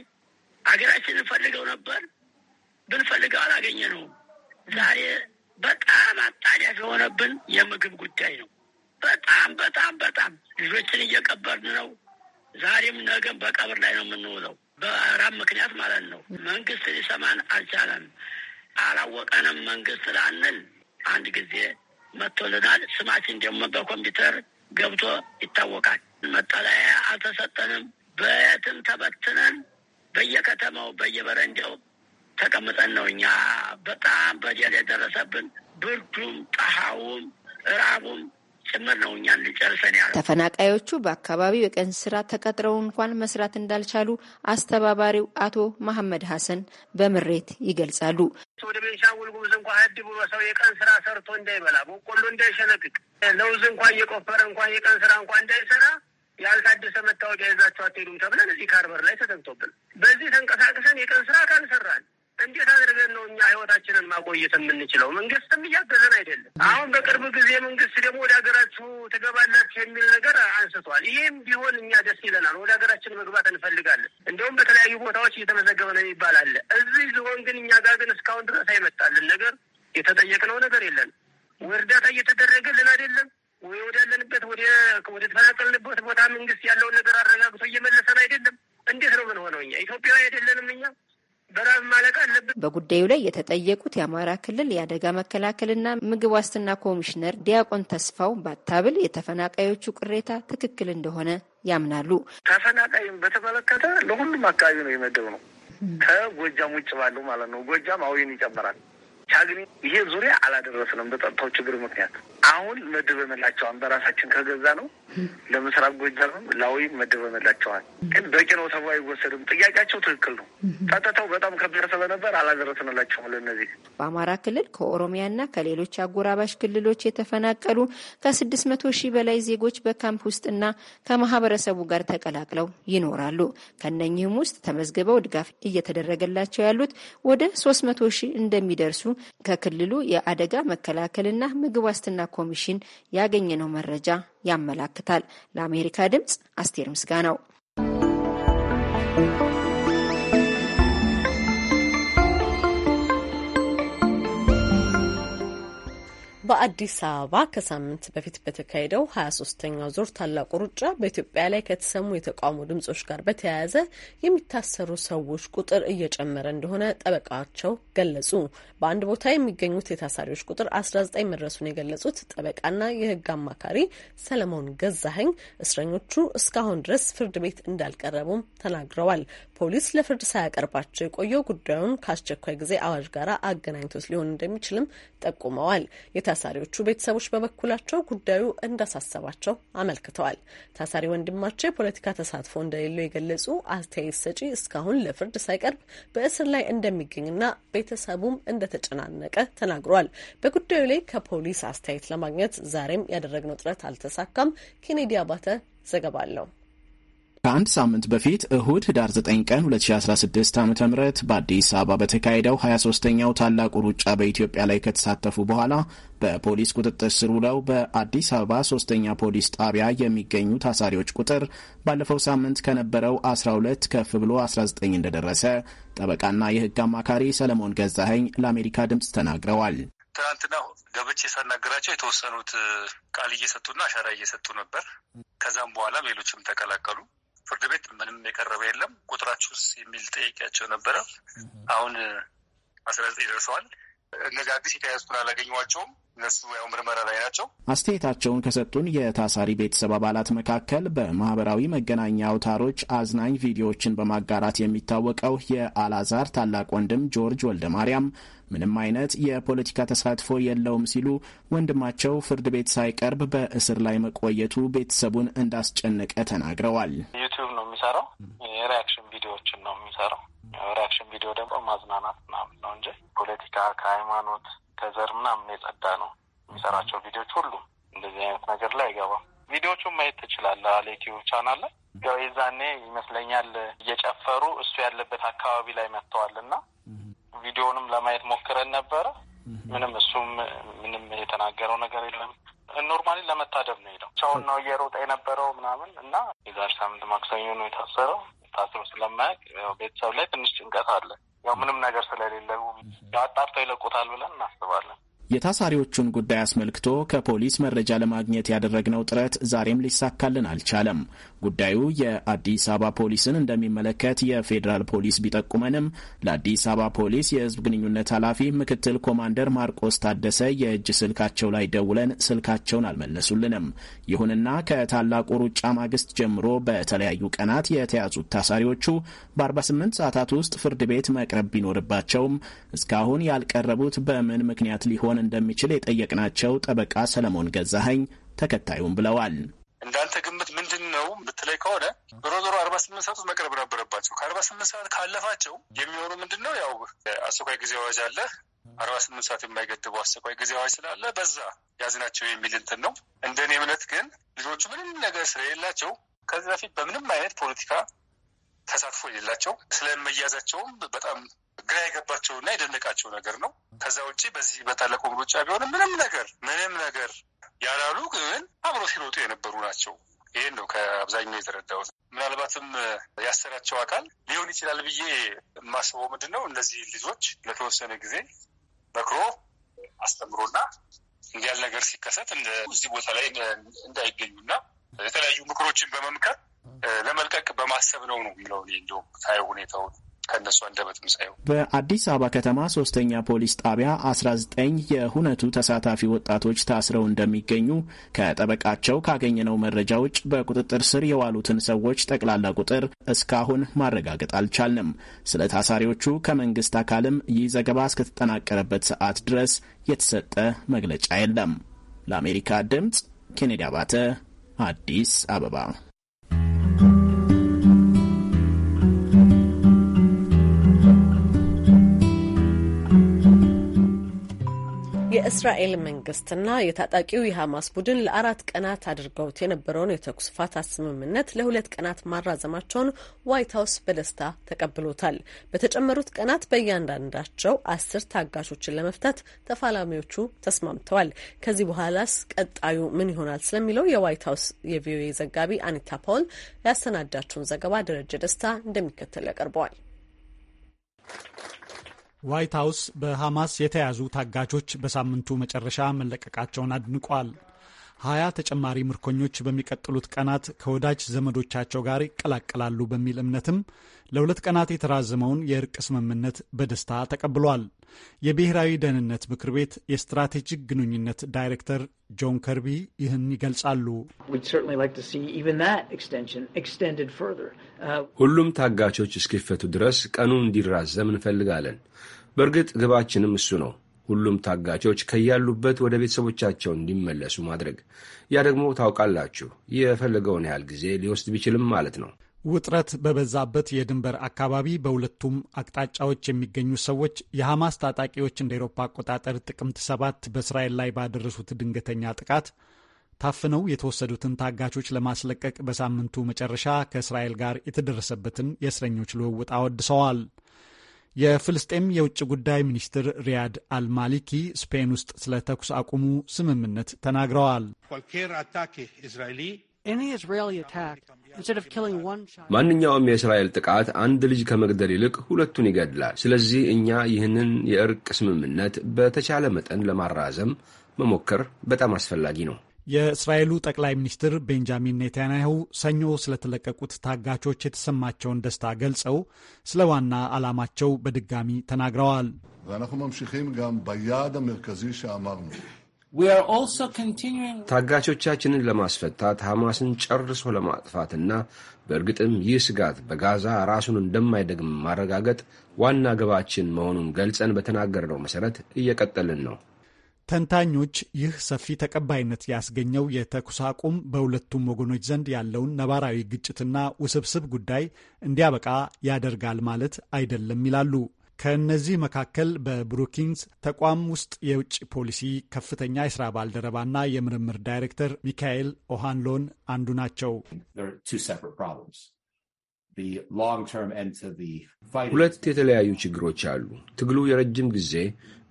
ሀገራችን እንፈልገው ነበር፣ ብንፈልገው አላገኘ ነው። ዛሬ በጣም አጣዳፊ የሆነብን የምግብ ጉዳይ ነው። በጣም በጣም በጣም ልጆችን እየቀበርን ነው። ዛሬም ነገም በቀብር ላይ ነው የምንውለው፣ በራብ ምክንያት ማለት ነው። መንግስት ሊሰማን አልቻለም። አላወቀንም መንግስት ላንል አንድ ጊዜ መጥቶልናል። ስማችን ደግሞ በኮምፒውተር ገብቶ ይታወቃል። መጠለያ አልተሰጠንም። በየትም ተበትነን በየከተማው በየበረንዳው ተቀምጠን ነው እኛ በጣም በደል የደረሰብን ብርዱም፣ ጠሃውም፣ እራቡም ጭምር ነው እኛ ሊጨርሰን ያለ። ተፈናቃዮቹ በአካባቢው የቀን ስራ ተቀጥረው እንኳን መስራት እንዳልቻሉ አስተባባሪው አቶ መሐመድ ሀሰን በምሬት ይገልጻሉ። ወደ ቤንሻንጉል ጉሙዝ እንኳ ህድ ብሎ ሰው የቀን ስራ ሰርቶ እንዳይበላ፣ በቆሎ እንዳይሸነቅቅ፣ ለውዝ እንኳ እየቆፈረ እንኳን የቀን ስራ እንኳ እንዳይሰራ ያልታደሰ መታወቂያ ይዛቸው አትሄዱም ተብለን እዚህ ካርበር ላይ ተዘግቶብን በዚህ ተንቀሳቅሰን የቀን ስራ ካልሰራን እንዴት አድርገን ነው እኛ ህይወታችንን ማቆየት የምንችለው? መንግስትም እያገዘን አይደለም። አሁን በቅርብ ጊዜ መንግስት ደግሞ ወደ ሀገራችሁ ትገባላችሁ የሚል ነገር አንስቷል። ይህም ቢሆን እኛ ደስ ይለናል። ወደ ሀገራችን መግባት እንፈልጋለን። እንደውም በተለያዩ ቦታዎች እየተመዘገበ ነው የሚባል አለ። እዚህ ዝሆን ግን እኛ ጋር ግን እስካሁን ድረስ አይመጣልን ነገር የተጠየቅነው ነገር የለን። እርዳታ እየተደረገልን አይደለም ወይ ወዳለንበት ወደ ተፈናቀልንበት ቦታ መንግስት ያለውን ነገር አረጋግቶ እየመለሰን አይደለም። እንዴት ነው ምን ሆነው እኛ ኢትዮጵያዊ አይደለንም እኛ በራብ ማለቅ አለብን። በጉዳዩ ላይ የተጠየቁት የአማራ ክልል የአደጋ መከላከልና ምግብ ዋስትና ኮሚሽነር ዲያቆን ተስፋው ባታብል የተፈናቃዮቹ ቅሬታ ትክክል እንደሆነ ያምናሉ። ተፈናቃይም በተመለከተ ለሁሉም አካባቢ ነው የመደብ ነው ከጎጃም ውጭ ባለው ማለት ነው። ጎጃም አዊን ይጨምራል። ቻግኒ ይሄ ዙሪያ አላደረስንም በጸጥታው ችግር ምክንያት። አሁን መድበንላቸዋል በራሳችን ከገዛ ነው ለምስራቅ ጎጃምም ላዊ መድበንላቸዋል። ግን በቂ ነው ተብሎ አይወሰድም። ጥያቄያቸው ትክክል ነው። ጸጥታው በጣም ከባድ ስለነበር አላደረስንላቸውም። ለእነዚህ በአማራ ክልል ከኦሮሚያና ከሌሎች አጎራባሽ ክልሎች የተፈናቀሉ ከስድስት መቶ ሺህ በላይ ዜጎች በካምፕ ውስጥና ከማህበረሰቡ ጋር ተቀላቅለው ይኖራሉ። ከነኚህም ውስጥ ተመዝግበው ድጋፍ እየተደረገላቸው ያሉት ወደ ሶስት መቶ ሺህ እንደሚደርሱ ከክልሉ የአደጋ መከላከልና ምግብ ዋስትና ኮሚሽን ያገኘነው መረጃ ያመላክታል። ለአሜሪካ ድምጽ አስቴር ምስጋናው። በአዲስ አበባ ከሳምንት በፊት በተካሄደው ሀያ ሶስተኛው ዙር ታላቁ ሩጫ በኢትዮጵያ ላይ ከተሰሙ የተቃውሞ ድምጾች ጋር በተያያዘ የሚታሰሩ ሰዎች ቁጥር እየጨመረ እንደሆነ ጠበቃቸው ገለጹ። በአንድ ቦታ የሚገኙት የታሳሪዎች ቁጥር አስራ ዘጠኝ መድረሱን የገለጹት ጠበቃና የህግ አማካሪ ሰለሞን ገዛህኝ እስረኞቹ እስካሁን ድረስ ፍርድ ቤት እንዳልቀረቡም ተናግረዋል። ፖሊስ ለፍርድ ሳያቀርባቸው የቆየው ጉዳዩን ከአስቸኳይ ጊዜ አዋጅ ጋር አገናኝቶት ሊሆን እንደሚችልም ጠቁመዋል። የታሳሪዎቹ ቤተሰቦች በበኩላቸው ጉዳዩ እንዳሳሰባቸው አመልክተዋል። ታሳሪ ወንድማቸው የፖለቲካ ተሳትፎ እንደሌለው የገለጹ አስተያየት ሰጪ እስካሁን ለፍርድ ሳይቀርብ በእስር ላይ እንደሚገኝና ቤተሰቡም እንደተጨናነቀ ተናግሯል። በጉዳዩ ላይ ከፖሊስ አስተያየት ለማግኘት ዛሬም ያደረግነው ጥረት አልተሳካም። ኬኔዲ አባተ ዘገባ አለው። ከአንድ ሳምንት በፊት እሁድ ህዳር 9 ቀን 2016 ዓ ም በአዲስ አበባ በተካሄደው 23ኛው ታላቁ ሩጫ በኢትዮጵያ ላይ ከተሳተፉ በኋላ በፖሊስ ቁጥጥር ስር ውለው በአዲስ አበባ ሶስተኛ ፖሊስ ጣቢያ የሚገኙ ታሳሪዎች ቁጥር ባለፈው ሳምንት ከነበረው 12 ከፍ ብሎ 19 እንደደረሰ ጠበቃና የህግ አማካሪ ሰለሞን ገዛኸኝ ለአሜሪካ ድምፅ ተናግረዋል። ትናንትና ገብቼ ሳናገራቸው የተወሰኑት ቃል እየሰጡና አሻራ እየሰጡ ነበር። ከዛም በኋላ ሌሎችም ተቀላቀሉ። ፍርድ ቤት ምንም የቀረበ የለም። ቁጥራችሁስ የሚል ጠየቂያቸው ነበረ። አሁን አስራ ዘጠኝ ደርሰዋል። እነዚህ አዲስ የተያዙትን አላገኘኋቸውም። እነሱ ያው ምርመራ ላይ ናቸው። አስተያየታቸውን ከሰጡን የታሳሪ ቤተሰብ አባላት መካከል በማህበራዊ መገናኛ አውታሮች አዝናኝ ቪዲዮዎችን በማጋራት የሚታወቀው የአላዛር ታላቅ ወንድም ጆርጅ ወልደ ማርያም ምንም አይነት የፖለቲካ ተሳትፎ የለውም ሲሉ ወንድማቸው ፍርድ ቤት ሳይቀርብ በእስር ላይ መቆየቱ ቤተሰቡን እንዳስጨነቀ ተናግረዋል። ዩቲዩብ ነው የሚሰራው፣ የሪያክሽን ቪዲዮዎችን ነው የሚሰራው። ሪያክሽን ቪዲዮ ደግሞ ማዝናናት ምናምን ነው እንጂ ፖለቲካ ከሃይማኖት ከዘር ምናምን የጸዳ ነው። የሚሰራቸው ቪዲዮዎች ሁሉ እንደዚህ አይነት ነገር ላይ አይገባም። ቪዲዮቹን ማየት ትችላለህ። አለ ዩቲዩብ ቻናል ላይ ያው የዛኔ ይመስለኛል እየጨፈሩ እሱ ያለበት አካባቢ ላይ መጥተዋል እና ቪዲዮንም ለማየት ሞክረን ነበረ። ምንም እሱም ምንም የተናገረው ነገር የለም። ኖርማሊ ለመታደብ ነው ሄደው ሰውን ነው እየሮጠ የነበረው ምናምን እና የዛሬ ሳምንት ማክሰኞ ነው የታሰረው። ታስሮ ስለማያውቅ ቤተሰብ ላይ ትንሽ ጭንቀት አለ። ያው ምንም ነገር ስለሌለ አጣርተው ይለቁታል ብለን የታሳሪዎቹን ጉዳይ አስመልክቶ ከፖሊስ መረጃ ለማግኘት ያደረግነው ጥረት ዛሬም ሊሳካልን አልቻለም። ጉዳዩ የአዲስ አበባ ፖሊስን እንደሚመለከት የፌዴራል ፖሊስ ቢጠቁመንም ለአዲስ አበባ ፖሊስ የሕዝብ ግንኙነት ኃላፊ ምክትል ኮማንደር ማርቆስ ታደሰ የእጅ ስልካቸው ላይ ደውለን ስልካቸውን አልመለሱልንም። ይሁንና ከታላቁ ሩጫ ማግስት ጀምሮ በተለያዩ ቀናት የተያዙት ታሳሪዎቹ በ48 ሰዓታት ውስጥ ፍርድ ቤት መቅረብ ቢኖርባቸውም እስካሁን ያልቀረቡት በምን ምክንያት ሊሆን ሊሆን እንደሚችል የጠየቅናቸው ጠበቃ ሰለሞን ገዛሀኝ ተከታዩም ብለዋል። እንዳንተ ግምት ምንድን ነው ብትለይ ከሆነ ዞሮ ዞሮ አርባ ስምንት ሰዓት መቅረብ ነበረባቸው። ከአርባ ስምንት ሰዓት ካለፋቸው የሚሆኑ ምንድን ነው ያው አስቸኳይ ጊዜ አዋጅ አለ። አርባ ስምንት ሰዓት የማይገድበው አስቸኳይ ጊዜ አዋጅ ስላለ በዛ ያዝናቸው የሚል እንትን ነው። እንደኔ እምነት ግን ልጆቹ ምንም ነገር ስለሌላቸው ከዚህ በፊት በምንም አይነት ፖለቲካ ተሳትፎ የሌላቸው ስለመያዛቸውም በጣም ግራ የገባቸውና የደነቃቸው ነገር ነው። ከዛ ውጭ በዚህ በታላቁ ሩጫ ቢሆንም ምንም ነገር ምንም ነገር ያላሉ ግን አብሮ ሲሮጡ የነበሩ ናቸው። ይህን ነው ከአብዛኛው የተረዳሁት። ምናልባትም ያሰራቸው አካል ሊሆን ይችላል ብዬ የማስበው ምንድን ነው እነዚህ ልጆች ለተወሰነ ጊዜ መክሮ አስተምሮና እንዲያል ነገር ሲከሰት እዚህ ቦታ ላይ እንዳይገኙና የተለያዩ ምክሮችን በመምከር ለመልቀቅ በማሰብ ነው ነው የሚለውን እንዲሁም ታየ ሁኔታውን ከእነሱ አንደበት ምሳየው በአዲስ አበባ ከተማ ሶስተኛ ፖሊስ ጣቢያ 19 የሁነቱ ተሳታፊ ወጣቶች ታስረው እንደሚገኙ ከጠበቃቸው ካገኘነው መረጃ ውጭ በቁጥጥር ስር የዋሉትን ሰዎች ጠቅላላ ቁጥር እስካሁን ማረጋገጥ አልቻልንም። ስለ ታሳሪዎቹ ከመንግስት አካልም ይህ ዘገባ እስከተጠናቀረበት ሰዓት ድረስ የተሰጠ መግለጫ የለም። ለአሜሪካ ድምፅ ኬኔዲ አባተ አዲስ አበባ የእስራኤል መንግስትና የታጣቂው የሐማስ ቡድን ለአራት ቀናት አድርገውት የነበረውን የተኩስ ፋታ ስምምነት ለሁለት ቀናት ማራዘማቸውን ዋይት ሀውስ በደስታ ተቀብሎታል። በተጨመሩት ቀናት በእያንዳንዳቸው አስር ታጋሾችን ለመፍታት ተፋላሚዎቹ ተስማምተዋል። ከዚህ በኋላስ ቀጣዩ ምን ይሆናል ስለሚለው የዋይት ሀውስ የቪኦኤ ዘጋቢ አኒታ ፓውል ያሰናዳችውን ዘገባ ደረጀ ደስታ እንደሚከተል ያቀርበዋል። ዋይት ሀውስ በሐማስ የተያዙ ታጋቾች በሳምንቱ መጨረሻ መለቀቃቸውን አድንቋል። ሀያ ተጨማሪ ምርኮኞች በሚቀጥሉት ቀናት ከወዳጅ ዘመዶቻቸው ጋር ይቀላቀላሉ በሚል እምነትም ለሁለት ቀናት የተራዘመውን የእርቅ ስምምነት በደስታ ተቀብሏል። የብሔራዊ ደህንነት ምክር ቤት የስትራቴጂክ ግንኙነት ዳይሬክተር ጆን ከርቢ ይህን ይገልጻሉ። uh, ሁሉም ታጋቾች እስኪፈቱ ድረስ ቀኑ እንዲራዘም እንፈልጋለን። በእርግጥ ግባችንም እሱ ነው። ሁሉም ታጋቾች ከያሉበት ወደ ቤተሰቦቻቸው እንዲመለሱ ማድረግ። ያ ደግሞ ታውቃላችሁ፣ የፈለገውን ያህል ጊዜ ሊወስድ ቢችልም ማለት ነው። ውጥረት በበዛበት የድንበር አካባቢ በሁለቱም አቅጣጫዎች የሚገኙ ሰዎች የሐማስ ታጣቂዎች እንደ ኤሮፓ አቆጣጠር ጥቅምት ሰባት በእስራኤል ላይ ባደረሱት ድንገተኛ ጥቃት ታፍነው የተወሰዱትን ታጋቾች ለማስለቀቅ በሳምንቱ መጨረሻ ከእስራኤል ጋር የተደረሰበትን የእስረኞች ልውውጥ አወድሰዋል። የፍልስጤም የውጭ ጉዳይ ሚኒስትር ሪያድ አልማሊኪ ስፔን ውስጥ ስለ ተኩስ አቁሙ ስምምነት ተናግረዋል። ማንኛውም የእስራኤል ጥቃት አንድ ልጅ ከመግደል ይልቅ ሁለቱን ይገድላል። ስለዚህ እኛ ይህንን የእርቅ ስምምነት በተቻለ መጠን ለማራዘም መሞከር በጣም አስፈላጊ ነው። የእስራኤሉ ጠቅላይ ሚኒስትር ቤንጃሚን ኔታንያሁ ሰኞ ስለተለቀቁት ታጋቾች የተሰማቸውን ደስታ ገልጸው ስለ ዋና ዓላማቸው በድጋሚ ተናግረዋል። ታጋቾቻችንን ለማስፈታት ሐማስን ጨርሶ ለማጥፋትና በእርግጥም ይህ ስጋት በጋዛ ራሱን እንደማይደግም ማረጋገጥ ዋና ግባችን መሆኑን ገልጸን በተናገርነው መሠረት እየቀጠልን ነው። ተንታኞች ይህ ሰፊ ተቀባይነት ያስገኘው የተኩስ አቁም በሁለቱም ወገኖች ዘንድ ያለውን ነባራዊ ግጭትና ውስብስብ ጉዳይ እንዲያበቃ ያደርጋል ማለት አይደለም ይላሉ። ከእነዚህ መካከል በብሩኪንግስ ተቋም ውስጥ የውጭ ፖሊሲ ከፍተኛ የስራ ባልደረባና የምርምር ዳይሬክተር ሚካኤል ኦሃንሎን አንዱ ናቸው። ሁለት የተለያዩ ችግሮች አሉ። ትግሉ የረጅም ጊዜ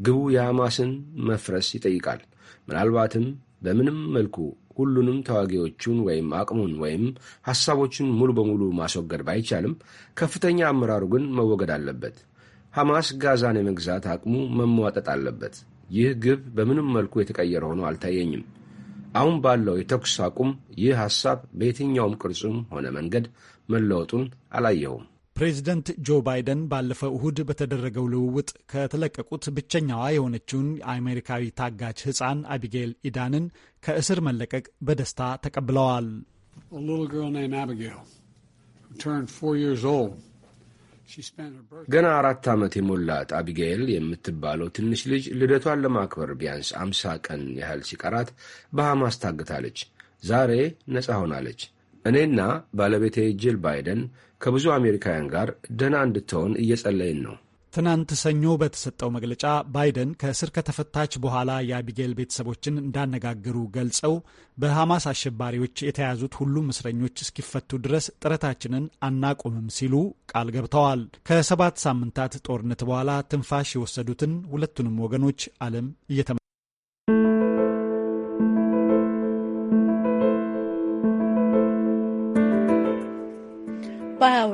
ግቡ የሐማስን መፍረስ ይጠይቃል። ምናልባትም በምንም መልኩ ሁሉንም ተዋጊዎቹን ወይም አቅሙን ወይም ሐሳቦቹን ሙሉ በሙሉ ማስወገድ ባይቻልም ከፍተኛ አመራሩ ግን መወገድ አለበት። ሐማስ ጋዛን የመግዛት አቅሙ መሟጠጥ አለበት። ይህ ግብ በምንም መልኩ የተቀየረ ሆኖ አልታየኝም። አሁን ባለው የተኩስ አቁም ይህ ሐሳብ በየትኛውም ቅርጽም ሆነ መንገድ መለወጡን አላየውም። ፕሬዚደንት ጆ ባይደን ባለፈው እሁድ በተደረገው ልውውጥ ከተለቀቁት ብቸኛዋ የሆነችውን የአሜሪካዊ ታጋች ሕፃን አቢጌል ኢዳንን ከእስር መለቀቅ በደስታ ተቀብለዋል። ገና አራት ዓመት የሞላት አቢጌል የምትባለው ትንሽ ልጅ ልደቷን ለማክበር ቢያንስ አምሳ ቀን ያህል ሲቀራት በሐማስ ታግታለች። ዛሬ ነጻ ሆናለች። እኔና ባለቤቴ ጅል ባይደን ከብዙ አሜሪካውያን ጋር ደህና እንድትሆን እየጸለይን ነው። ትናንት ሰኞ በተሰጠው መግለጫ ባይደን ከእስር ከተፈታች በኋላ የአቢጌል ቤተሰቦችን እንዳነጋገሩ ገልጸው በሐማስ አሸባሪዎች የተያዙት ሁሉም እስረኞች እስኪፈቱ ድረስ ጥረታችንን አናቆምም ሲሉ ቃል ገብተዋል። ከሰባት ሳምንታት ጦርነት በኋላ ትንፋሽ የወሰዱትን ሁለቱንም ወገኖች ዓለም እየተመ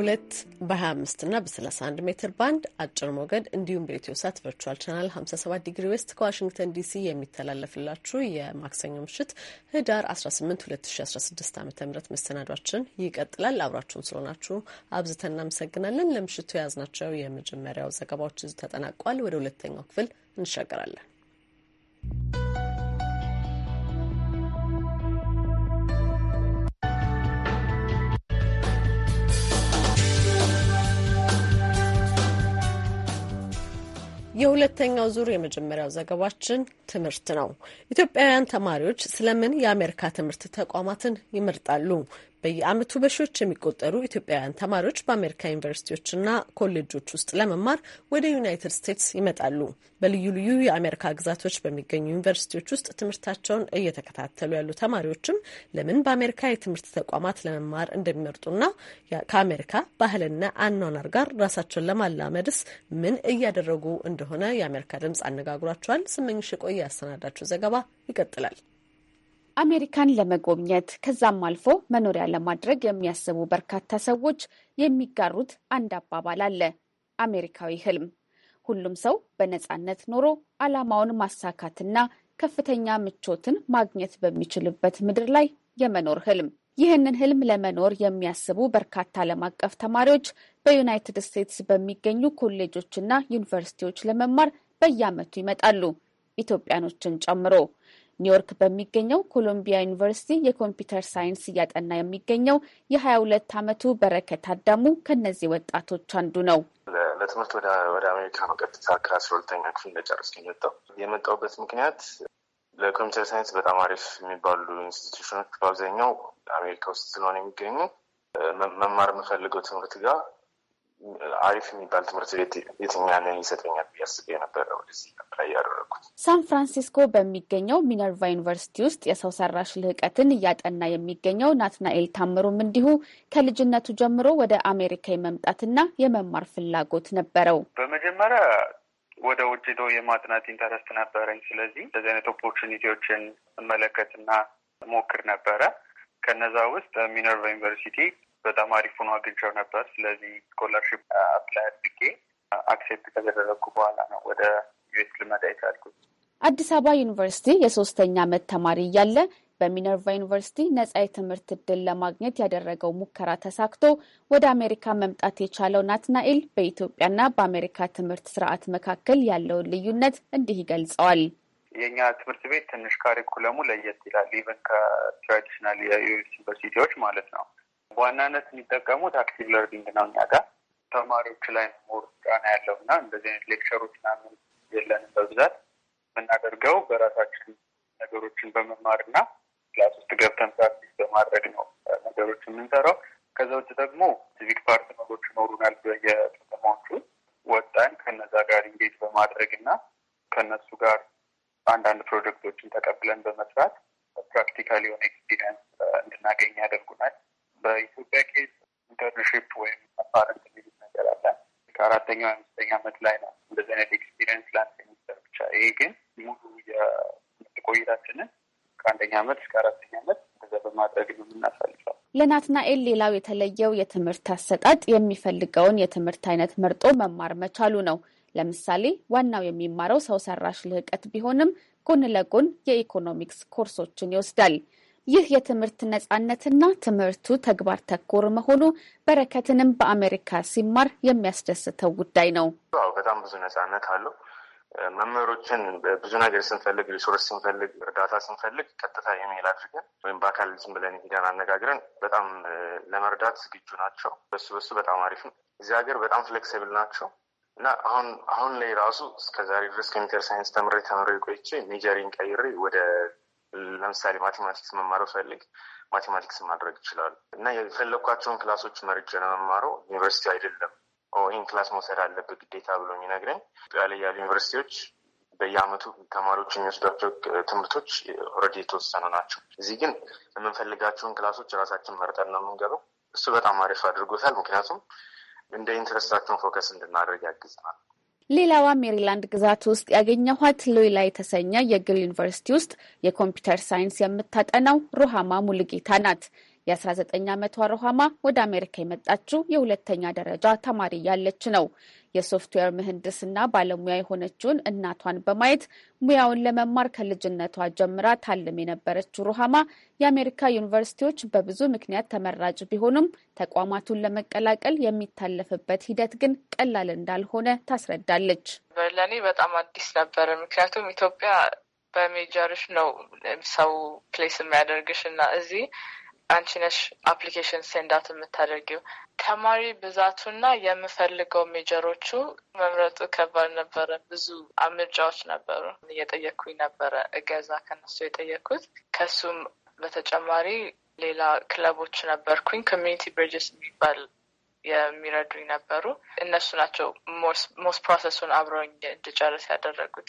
በ በ25 እና በ31 ሜትር ባንድ አጭር ሞገድ እንዲሁም በኢትዮ ሳት ቨርቹዋል ቻናል 57 ዲግሪ ዌስት ከዋሽንግተን ዲሲ የሚተላለፍላችሁ የማክሰኞ ምሽት ህዳር 18 2016 ዓ ም መሰናዷችን ይቀጥላል። አብራችሁን ስለሆናችሁ አብዝተን እናመሰግናለን። ለምሽቱ የያዝናቸው የመጀመሪያው ዘገባዎች ተጠናቋል። ወደ ሁለተኛው ክፍል እንሻገራለን። የሁለተኛው ዙር የመጀመሪያው ዘገባችን ትምህርት ነው። ኢትዮጵያውያን ተማሪዎች ስለምን የአሜሪካ ትምህርት ተቋማትን ይመርጣሉ? በየአመቱ በሺዎች የሚቆጠሩ ኢትዮጵያውያን ተማሪዎች በአሜሪካ ዩኒቨርሲቲዎችና ኮሌጆች ውስጥ ለመማር ወደ ዩናይትድ ስቴትስ ይመጣሉ። በልዩ ልዩ የአሜሪካ ግዛቶች በሚገኙ ዩኒቨርሲቲዎች ውስጥ ትምህርታቸውን እየተከታተሉ ያሉ ተማሪዎችም ለምን በአሜሪካ የትምህርት ተቋማት ለመማር እንደሚመርጡና ከአሜሪካ ባህልና አኗኗር ጋር ራሳቸውን ለማላመድስ ምን እያደረጉ እንደሆነ የአሜሪካ ድምጽ አነጋግሯቸዋል። ስመኝሽ ቆየ ያሰናዳችው ዘገባ ይቀጥላል። አሜሪካን ለመጎብኘት ከዛም አልፎ መኖሪያ ለማድረግ የሚያስቡ በርካታ ሰዎች የሚጋሩት አንድ አባባል አለ፣ አሜሪካዊ ህልም። ሁሉም ሰው በነፃነት ኖሮ ዓላማውን ማሳካትና ከፍተኛ ምቾትን ማግኘት በሚችልበት ምድር ላይ የመኖር ህልም። ይህንን ህልም ለመኖር የሚያስቡ በርካታ ዓለም አቀፍ ተማሪዎች በዩናይትድ ስቴትስ በሚገኙ ኮሌጆችና ዩኒቨርሲቲዎች ለመማር በየዓመቱ ይመጣሉ ኢትዮጵያኖችን ጨምሮ። ኒውዮርክ በሚገኘው ኮሎምቢያ ዩኒቨርሲቲ የኮምፒውተር ሳይንስ እያጠና የሚገኘው የ22 ዓመቱ በረከት አዳሙ ከነዚህ ወጣቶች አንዱ ነው። ለትምህርት ወደ አሜሪካ በቀጥታ ከአስራ ሁለተኛ ክፍል እንደጨረስኩ የመጣው የመጣውበት ምክንያት ለኮምፒውተር ሳይንስ በጣም አሪፍ የሚባሉ ኢንስቲትዩሽኖች በአብዛኛው አሜሪካ ውስጥ ስለሆነ የሚገኙ መማር የምፈልገው ትምህርት ጋር አሪፍ የሚባል ትምህርት ቤት የትኛ ያለን ይሰጠኛል ብያስብ የነበረ ወደዚህ ላይ ያደረጉት። ሳን ፍራንሲስኮ በሚገኘው ሚነርቫ ዩኒቨርሲቲ ውስጥ የሰው ሰራሽ ልህቀትን እያጠና የሚገኘው ናትናኤል ታምሩም እንዲሁ ከልጅነቱ ጀምሮ ወደ አሜሪካ የመምጣትና የመማር ፍላጎት ነበረው። በመጀመሪያ ወደ ውጭ ሄዶ የማጥናት ኢንተረስት ነበረኝ። ስለዚህ እንደዚህ አይነት ኦፖርቹኒቲዎችን እመለከትና ሞክር ነበረ። ከነዛ ውስጥ ሚነርቫ ዩኒቨርሲቲ በጣም አሪፍ ሆኖ አግኝቼው ነበር። ስለዚህ ስኮላርሽፕ አፕላይ uh, አድርጌ አክሴፕት uh, ከተደረግኩ በኋላ ነው ወደ ዩኤስ ልመዳ የቻልኩት። አዲስ አበባ ዩኒቨርሲቲ የሶስተኛ ዓመት ተማሪ እያለ በሚነርቫ ዩኒቨርሲቲ ነጻ የትምህርት እድል ለማግኘት ያደረገው ሙከራ ተሳክቶ ወደ አሜሪካ መምጣት የቻለው ናትናኤል በኢትዮጵያና በአሜሪካ ትምህርት ስርዓት መካከል ያለውን ልዩነት እንዲህ ይገልጸዋል። የእኛ ትምህርት ቤት ትንሽ ካሪኩለሙ ለየት ይላል። ኢቨን ከትራዲሽናል የዩኒቨርሲቲዎች ማለት ነው። በዋናነት የሚጠቀሙት አክቲቭ ለርኒንግ ነው። እኛ ጋር ተማሪዎች ላይ ሞር ጫና ያለው እና እንደዚህ አይነት ሌክቸሮች ምናምን የለንም። በብዛት የምናደርገው በራሳችን ነገሮችን በመማር እና ክላስ ውስጥ ገብተን ፕራክቲስ በማድረግ ነው ነገሮች የምንሰራው። ከዛ ውጭ ደግሞ ሲቪክ ፓርትነሮች ይኖሩናል በየከተማዎቹ ወጣን ከነዛ ጋር ኢንጌጅ በማድረግ እና ከነሱ ጋር አንዳንድ ፕሮጀክቶችን ተቀብለን በመስራት ፕራክቲካል የሆነ ኤክስፒሪየንስ እንድናገኝ ያደርጉናል። በኢትዮጵያ ኬዝ ኢንተርንሽፕ ወይም አፓረንት የሚሉት ነገር አለ። ከአራተኛው አምስተኛ ዓመት ላይ ነው እንደዚህ አይነት ኤክስፒሪየንስ ለአንድ ሴሚስተር ብቻ። ይሄ ግን ሙሉ የምርት ቆይታችንን ከአንደኛ ዓመት እስከ አራተኛ ዓመት እንደዛ በማድረግ ነው የምናሳልፈው። ለናትናኤል ሌላው የተለየው የትምህርት አሰጣጥ የሚፈልገውን የትምህርት አይነት መርጦ መማር መቻሉ ነው። ለምሳሌ ዋናው የሚማረው ሰው ሰራሽ ልህቀት ቢሆንም ጎን ለጎን የኢኮኖሚክስ ኮርሶችን ይወስዳል። ይህ የትምህርት ነጻነትና ትምህርቱ ተግባር ተኮር መሆኑ በረከትንም በአሜሪካ ሲማር የሚያስደስተው ጉዳይ ነው። በጣም ብዙ ነጻነት አለው። መምህሮችን ብዙ ነገር ስንፈልግ፣ ሪሶርስ ስንፈልግ፣ እርዳታ ስንፈልግ ቀጥታ ኢሜይል አድርገን ወይም በአካል ዝም ብለን ሄደን አነጋግረን በጣም ለመርዳት ዝግጁ ናቸው። በሱ በሱ በጣም አሪፍ ነው። እዚህ ሀገር በጣም ፍሌክሲብል ናቸው እና አሁን አሁን ላይ ራሱ እስከዛሬ ድረስ ኮምፒውተር ሳይንስ ተምሬ ተምሬ ቆይቼ ሜጀሪን ቀይሬ ወደ ለምሳሌ ማቴማቲክስ መማረው ፈልግ ማቴማቲክስ ማድረግ ይችላሉ። እና የፈለግኳቸውን ክላሶች መርጬ ለመማረው ዩኒቨርሲቲ አይደለም ይህን ክላስ መውሰድ አለብህ ግዴታ ብሎ የሚነግረኝ ኢትዮጵያ ላይ ያሉ ዩኒቨርሲቲዎች በየአመቱ ተማሪዎች የሚወስዷቸው ትምህርቶች ኦልሬዲ የተወሰኑ ናቸው። እዚህ ግን የምንፈልጋቸውን ክላሶች ራሳችን መርጠን ነው የምንገባው። እሱ በጣም አሪፍ አድርጎታል። ምክንያቱም እንደ ኢንትረስታቸውን ፎከስ እንድናደርግ ያግዝናል። ሌላዋ ሜሪላንድ ግዛት ውስጥ ያገኘኋት ሎይላ የተሰኘ የግል ዩኒቨርሲቲ ውስጥ የኮምፒውተር ሳይንስ የምታጠናው ሩሃማ ሙልጌታ ናት። የ19 ዓመቷ ሮሃማ ወደ አሜሪካ የመጣችው የሁለተኛ ደረጃ ተማሪ ያለች ነው። የሶፍትዌር ምህንድስና ባለሙያ የሆነችውን እናቷን በማየት ሙያውን ለመማር ከልጅነቷ ጀምራ ታልም የነበረችው ሩሃማ የአሜሪካ ዩኒቨርሲቲዎች በብዙ ምክንያት ተመራጭ ቢሆኑም ተቋማቱን ለመቀላቀል የሚታለፍበት ሂደት ግን ቀላል እንዳልሆነ ታስረዳለች። ለእኔ በጣም አዲስ ነበረ። ምክንያቱም ኢትዮጵያ በሜጀርሽ ነው ሰው ፕሌስ የሚያደርግሽ እና እዚህ አንቺ ነሽ አፕሊኬሽን ሴንዳት የምታደርጊው። ተማሪ ብዛቱና የምፈልገው ሜጀሮቹ መምረጡ ከባድ ነበረ። ብዙ ምርጫዎች ነበሩ። እየጠየቅኩኝ ነበረ እገዛ ከነሱ የጠየቅኩት። ከሱም በተጨማሪ ሌላ ክለቦች ነበርኩኝ። ኮሚኒቲ ብሪጅስ የሚባል የሚረዱኝ ነበሩ። እነሱ ናቸው ሞስት ፕሮሰሱን አብረውኝ እንድጨርስ ያደረጉት።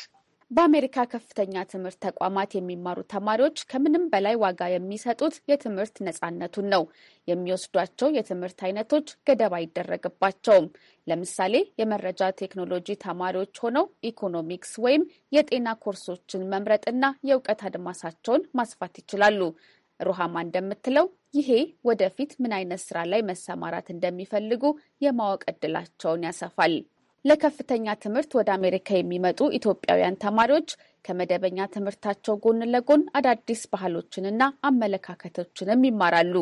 በአሜሪካ ከፍተኛ ትምህርት ተቋማት የሚማሩ ተማሪዎች ከምንም በላይ ዋጋ የሚሰጡት የትምህርት ነፃነቱን ነው። የሚወስዷቸው የትምህርት አይነቶች ገደብ አይደረግባቸውም። ለምሳሌ የመረጃ ቴክኖሎጂ ተማሪዎች ሆነው ኢኮኖሚክስ ወይም የጤና ኮርሶችን መምረጥና የእውቀት አድማሳቸውን ማስፋት ይችላሉ። ሩሃማ እንደምትለው ይሄ ወደፊት ምን አይነት ስራ ላይ መሰማራት እንደሚፈልጉ የማወቅ እድላቸውን ያሰፋል። ለከፍተኛ ትምህርት ወደ አሜሪካ የሚመጡ ኢትዮጵያውያን ተማሪዎች ከመደበኛ ትምህርታቸው ጎን ለጎን አዳዲስ ባህሎችንና አመለካከቶችንም ይማራሉ።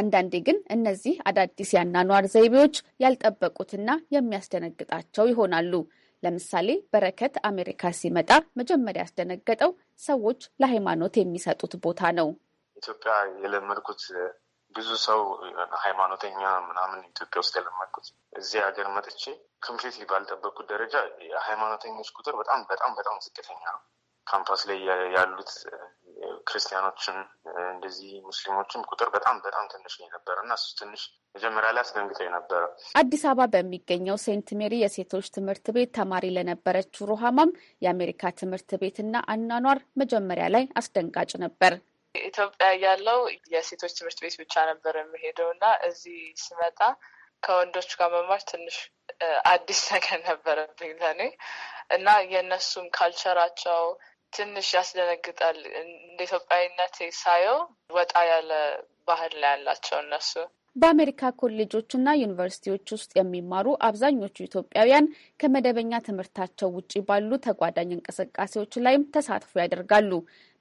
አንዳንዴ ግን እነዚህ አዳዲስ የአኗኗር ዘይቤዎች ያልጠበቁትና የሚያስደነግጣቸው ይሆናሉ። ለምሳሌ በረከት አሜሪካ ሲመጣ መጀመሪያ ያስደነገጠው ሰዎች ለሃይማኖት የሚሰጡት ቦታ ነው። ኢትዮጵያ የለመድኩት ብዙ ሰው ሃይማኖተኛ ምናምን ኢትዮጵያ ውስጥ የለመድኩት እዚህ ሀገር መጥቼ ኮምፕሊት ባልጠበቅኩት ደረጃ የሃይማኖተኞች ቁጥር በጣም በጣም በጣም ዝቅተኛ ነው። ካምፓስ ላይ ያሉት ክርስቲያኖችም እንደዚህ ሙስሊሞችም ቁጥር በጣም በጣም ትንሽ ነው የነበረ እና እሱ ትንሽ መጀመሪያ ላይ አስደንግጠኝ ነበረ። አዲስ አበባ በሚገኘው ሴንት ሜሪ የሴቶች ትምህርት ቤት ተማሪ ለነበረችው ሩሃማም የአሜሪካ ትምህርት ቤትና አኗኗር መጀመሪያ ላይ አስደንጋጭ ነበር። ኢትዮጵያ ያለው የሴቶች ትምህርት ቤት ብቻ ነበር የሚሄደው እና እዚህ ስመጣ ከወንዶች ጋር መማር ትንሽ አዲስ ነገር ነበረብኝ ለእኔ እና የእነሱም ካልቸራቸው ትንሽ ያስደነግጣል። እንደ ኢትዮጵያዊነቴ ሳየው ወጣ ያለ ባህል ላይ ያላቸው እነሱ በአሜሪካ ኮሌጆችና ዩኒቨርሲቲዎች ውስጥ የሚማሩ አብዛኞቹ ኢትዮጵያውያን ከመደበኛ ትምህርታቸው ውጪ ባሉ ተጓዳኝ እንቅስቃሴዎች ላይም ተሳትፎ ያደርጋሉ።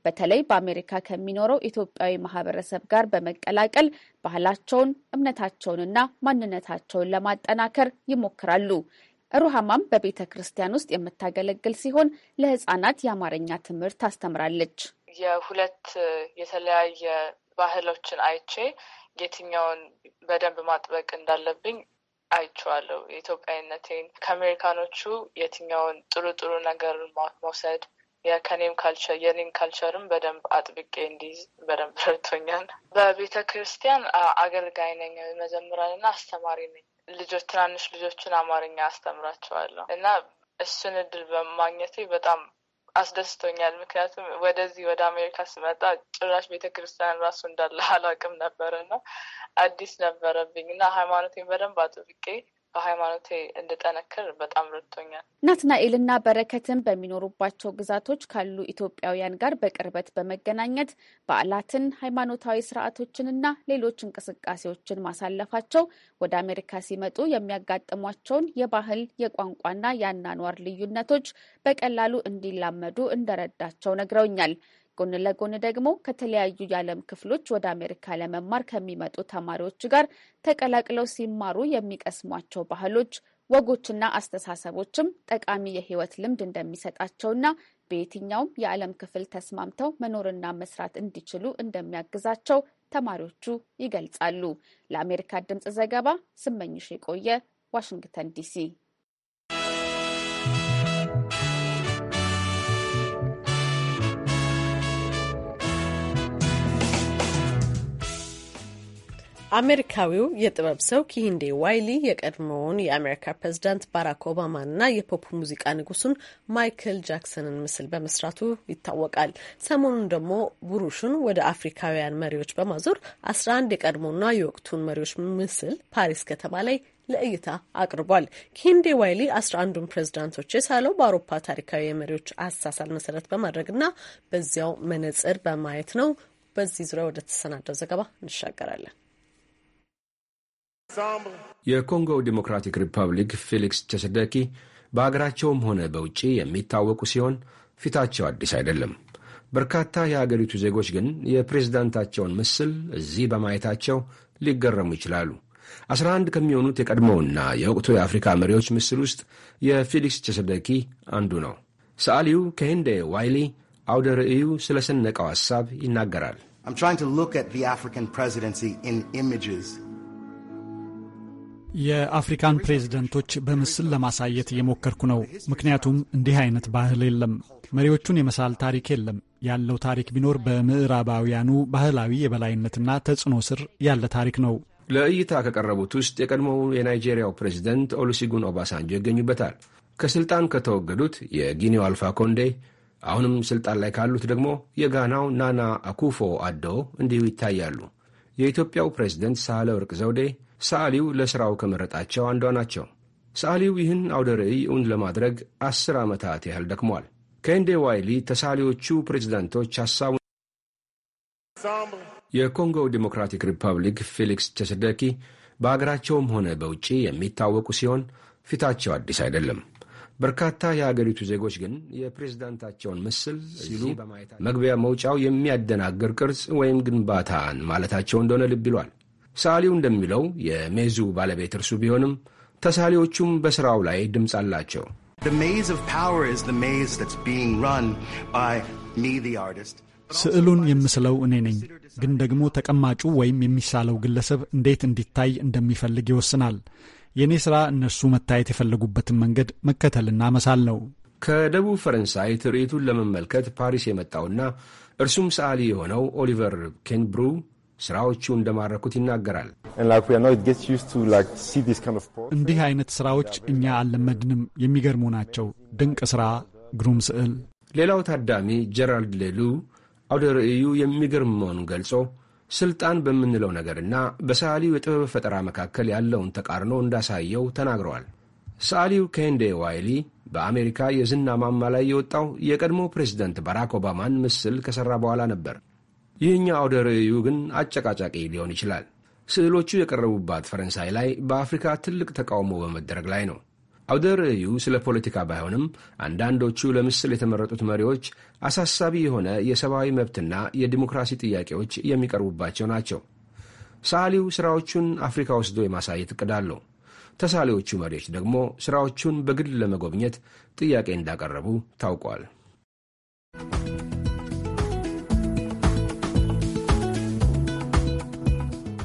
በተለይ በአሜሪካ ከሚኖረው ኢትዮጵያዊ ማህበረሰብ ጋር በመቀላቀል ባህላቸውን፣ እምነታቸውንና ማንነታቸውን ለማጠናከር ይሞክራሉ። ሩሃማም በቤተ ክርስቲያን ውስጥ የምታገለግል ሲሆን ለህጻናት የአማርኛ ትምህርት ታስተምራለች። የሁለት የተለያየ ባህሎችን አይቼ የትኛውን በደንብ ማጥበቅ እንዳለብኝ አይቼዋለሁ። የኢትዮጵያዊነቴን ከአሜሪካኖቹ የትኛውን ጥሩ ጥሩ ነገር መውሰድ የከኔም ካልቸር የኔም ካልቸርም በደንብ አጥብቄ እንዲይዝ በደንብ ረድቶኛል። በቤተ ክርስቲያን አገልጋይ ነኝ፣ መዘምራን መዘምራንና አስተማሪ ነኝ። ልጆች ትናንሽ ልጆችን አማርኛ አስተምራቸዋለሁ እና እሱን እድል በማግኘቴ በጣም አስደስቶኛል። ምክንያቱም ወደዚህ ወደ አሜሪካ ስመጣ ጭራሽ ቤተ ክርስቲያን ራሱ እንዳለ አላውቅም ነበረ እና አዲስ ነበረብኝ እና ሃይማኖቴን በደንብ አጥብቄ በሃይማኖቴ እንድጠነክር በጣም ረድቶኛል። ናትናኤልና በረከትን በሚኖሩባቸው ግዛቶች ካሉ ኢትዮጵያውያን ጋር በቅርበት በመገናኘት በዓላትን፣ ሃይማኖታዊ ስርዓቶችንና ሌሎች እንቅስቃሴዎችን ማሳለፋቸው ወደ አሜሪካ ሲመጡ የሚያጋጥሟቸውን የባህል የቋንቋና የአናኗር ልዩነቶች በቀላሉ እንዲላመዱ እንደረዳቸው ነግረውኛል። ጎን ለጎን ደግሞ ከተለያዩ የዓለም ክፍሎች ወደ አሜሪካ ለመማር ከሚመጡ ተማሪዎች ጋር ተቀላቅለው ሲማሩ የሚቀስሟቸው ባህሎች፣ ወጎችና አስተሳሰቦችም ጠቃሚ የህይወት ልምድ እንደሚሰጣቸውና በየትኛውም የዓለም ክፍል ተስማምተው መኖርና መስራት እንዲችሉ እንደሚያግዛቸው ተማሪዎቹ ይገልጻሉ። ለአሜሪካ ድምፅ ዘገባ ስመኝሽ የቆየ ዋሽንግተን ዲሲ። አሜሪካዊው የጥበብ ሰው ኪሂንዴ ዋይሊ የቀድሞውን የአሜሪካ ፕሬዚዳንት ባራክ ኦባማና የፖፕ ሙዚቃ ንጉሱን ማይክል ጃክሰንን ምስል በመስራቱ ይታወቃል። ሰሞኑን ደግሞ ቡሩሹን ወደ አፍሪካውያን መሪዎች በማዞር አስራ አንድ የቀድሞና የወቅቱን መሪዎች ምስል ፓሪስ ከተማ ላይ ለእይታ አቅርቧል። ኪንዴ ዋይሊ አስራ አንዱን ፕሬዚዳንቶች የሳለው በአውሮፓ ታሪካዊ የመሪዎች አሳሳል መሰረት በማድረግና በዚያው መነጽር በማየት ነው። በዚህ ዙሪያ ወደ ተሰናደው ዘገባ እንሻገራለን። የኮንጎ ዲሞክራቲክ ሪፐብሊክ ፌሊክስ ቸሰደኪ በአገራቸውም ሆነ በውጭ የሚታወቁ ሲሆን ፊታቸው አዲስ አይደለም። በርካታ የአገሪቱ ዜጎች ግን የፕሬዝዳንታቸውን ምስል እዚህ በማየታቸው ሊገረሙ ይችላሉ። አስራ አንድ ከሚሆኑት የቀድሞውና የወቅቱ የአፍሪካ መሪዎች ምስል ውስጥ የፌሊክስ ቸሰደኪ አንዱ ነው። ሰዓሊው ከሂንዴ ዋይሊ አውደ ርእዩ ስለ ሰነቀው ሐሳብ ይናገራል። የአፍሪካን ፕሬዝደንቶች በምስል ለማሳየት እየሞከርኩ ነው። ምክንያቱም እንዲህ አይነት ባህል የለም። መሪዎቹን የመሳል ታሪክ የለም። ያለው ታሪክ ቢኖር በምዕራባውያኑ ባህላዊ የበላይነትና ተጽዕኖ ስር ያለ ታሪክ ነው። ለእይታ ከቀረቡት ውስጥ የቀድሞው የናይጄሪያው ፕሬዝደንት ኦሉሲጉን ኦባሳንጆ ይገኙበታል። ከስልጣን ከተወገዱት የጊኒው አልፋ ኮንዴ፣ አሁንም ስልጣን ላይ ካሉት ደግሞ የጋናው ናና አኩፎ አዶ እንዲሁ ይታያሉ። የኢትዮጵያው ፕሬዝደንት ሳህለ ወርቅ ዘውዴ ሰዓሊው ለሥራው ከመረጣቸው አንዷ ናቸው። ሰዓሊው ይህን አውደ ርዕይ እውን ለማድረግ ዐሥር ዓመታት ያህል ደክሟል። ከእንዴ ዋይሊ ተሳሌዎቹ ፕሬዚዳንቶች ሐሳቡ የኮንጎ ዲሞክራቲክ ሪፐብሊክ ፌሊክስ ቸሰደኪ በአገራቸውም ሆነ በውጪ የሚታወቁ ሲሆን ፊታቸው አዲስ አይደለም። በርካታ የአገሪቱ ዜጎች ግን የፕሬዝዳንታቸውን ምስል ሲሉ መግቢያ መውጫው የሚያደናግር ቅርጽ ወይም ግንባታን ማለታቸው እንደሆነ ልብ ይሏል። ሰዓሊው እንደሚለው የሜዙ ባለቤት እርሱ ቢሆንም ተሳሌዎቹም በሥራው ላይ ድምፅ አላቸው። ስዕሉን የምስለው እኔ ነኝ፣ ግን ደግሞ ተቀማጩ ወይም የሚሳለው ግለሰብ እንዴት እንዲታይ እንደሚፈልግ ይወስናል። የእኔ ሥራ እነሱ መታየት የፈለጉበትን መንገድ መከተልና መሳል ነው። ከደቡብ ፈረንሳይ ትርኢቱን ለመመልከት ፓሪስ የመጣውና እርሱም ሰዓሊ የሆነው ኦሊቨር ኬንብሩ ስራዎቹ እንደማረኩት ይናገራል። እንዲህ አይነት ስራዎች እኛ አልለመድንም። የሚገርሙ ናቸው። ድንቅ ስራ፣ ግሩም ስዕል። ሌላው ታዳሚ ጀራልድ ሌሉ አውደ ርእዩ የሚገርም መሆኑን ገልጾ ስልጣን በምንለው ነገርና በሰዓሊው የጥበብ ፈጠራ መካከል ያለውን ተቃርኖ እንዳሳየው ተናግረዋል። ሰዓሊው ኬንዴ ዋይሊ በአሜሪካ የዝና ማማ ላይ የወጣው የቀድሞ ፕሬዝደንት ባራክ ኦባማን ምስል ከሠራ በኋላ ነበር። ይህኛው አውደ ርዕዩ ግን አጨቃጫቂ ሊሆን ይችላል። ስዕሎቹ የቀረቡባት ፈረንሳይ ላይ በአፍሪካ ትልቅ ተቃውሞ በመደረግ ላይ ነው። አውደ ርዕዩ ስለ ፖለቲካ ባይሆንም አንዳንዶቹ ለምስል የተመረጡት መሪዎች አሳሳቢ የሆነ የሰብአዊ መብትና የዲሞክራሲ ጥያቄዎች የሚቀርቡባቸው ናቸው። ሰዓሊው ሥራዎቹን አፍሪካ ወስዶ የማሳየት እቅድ አለው። ተሳሌዎቹ መሪዎች ደግሞ ሥራዎቹን በግል ለመጎብኘት ጥያቄ እንዳቀረቡ ታውቋል።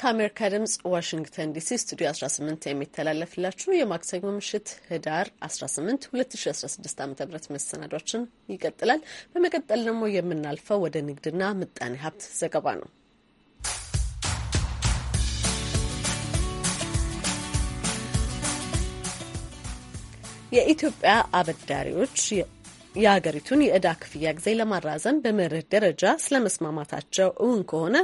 ከአሜሪካ ድምጽ ዋሽንግተን ዲሲ ስቱዲዮ 18 የሚተላለፍላችሁ የማክሰኞ ምሽት ህዳር 18 2016 ዓ ም መሰናዷችን ይቀጥላል። በመቀጠል ደግሞ የምናልፈው ወደ ንግድና ምጣኔ ሀብት ዘገባ ነው። የኢትዮጵያ አበዳሪዎች የሀገሪቱን የእዳ ክፍያ ጊዜ ለማራዘም በመርህ ደረጃ ስለመስማማታቸው እውን ከሆነ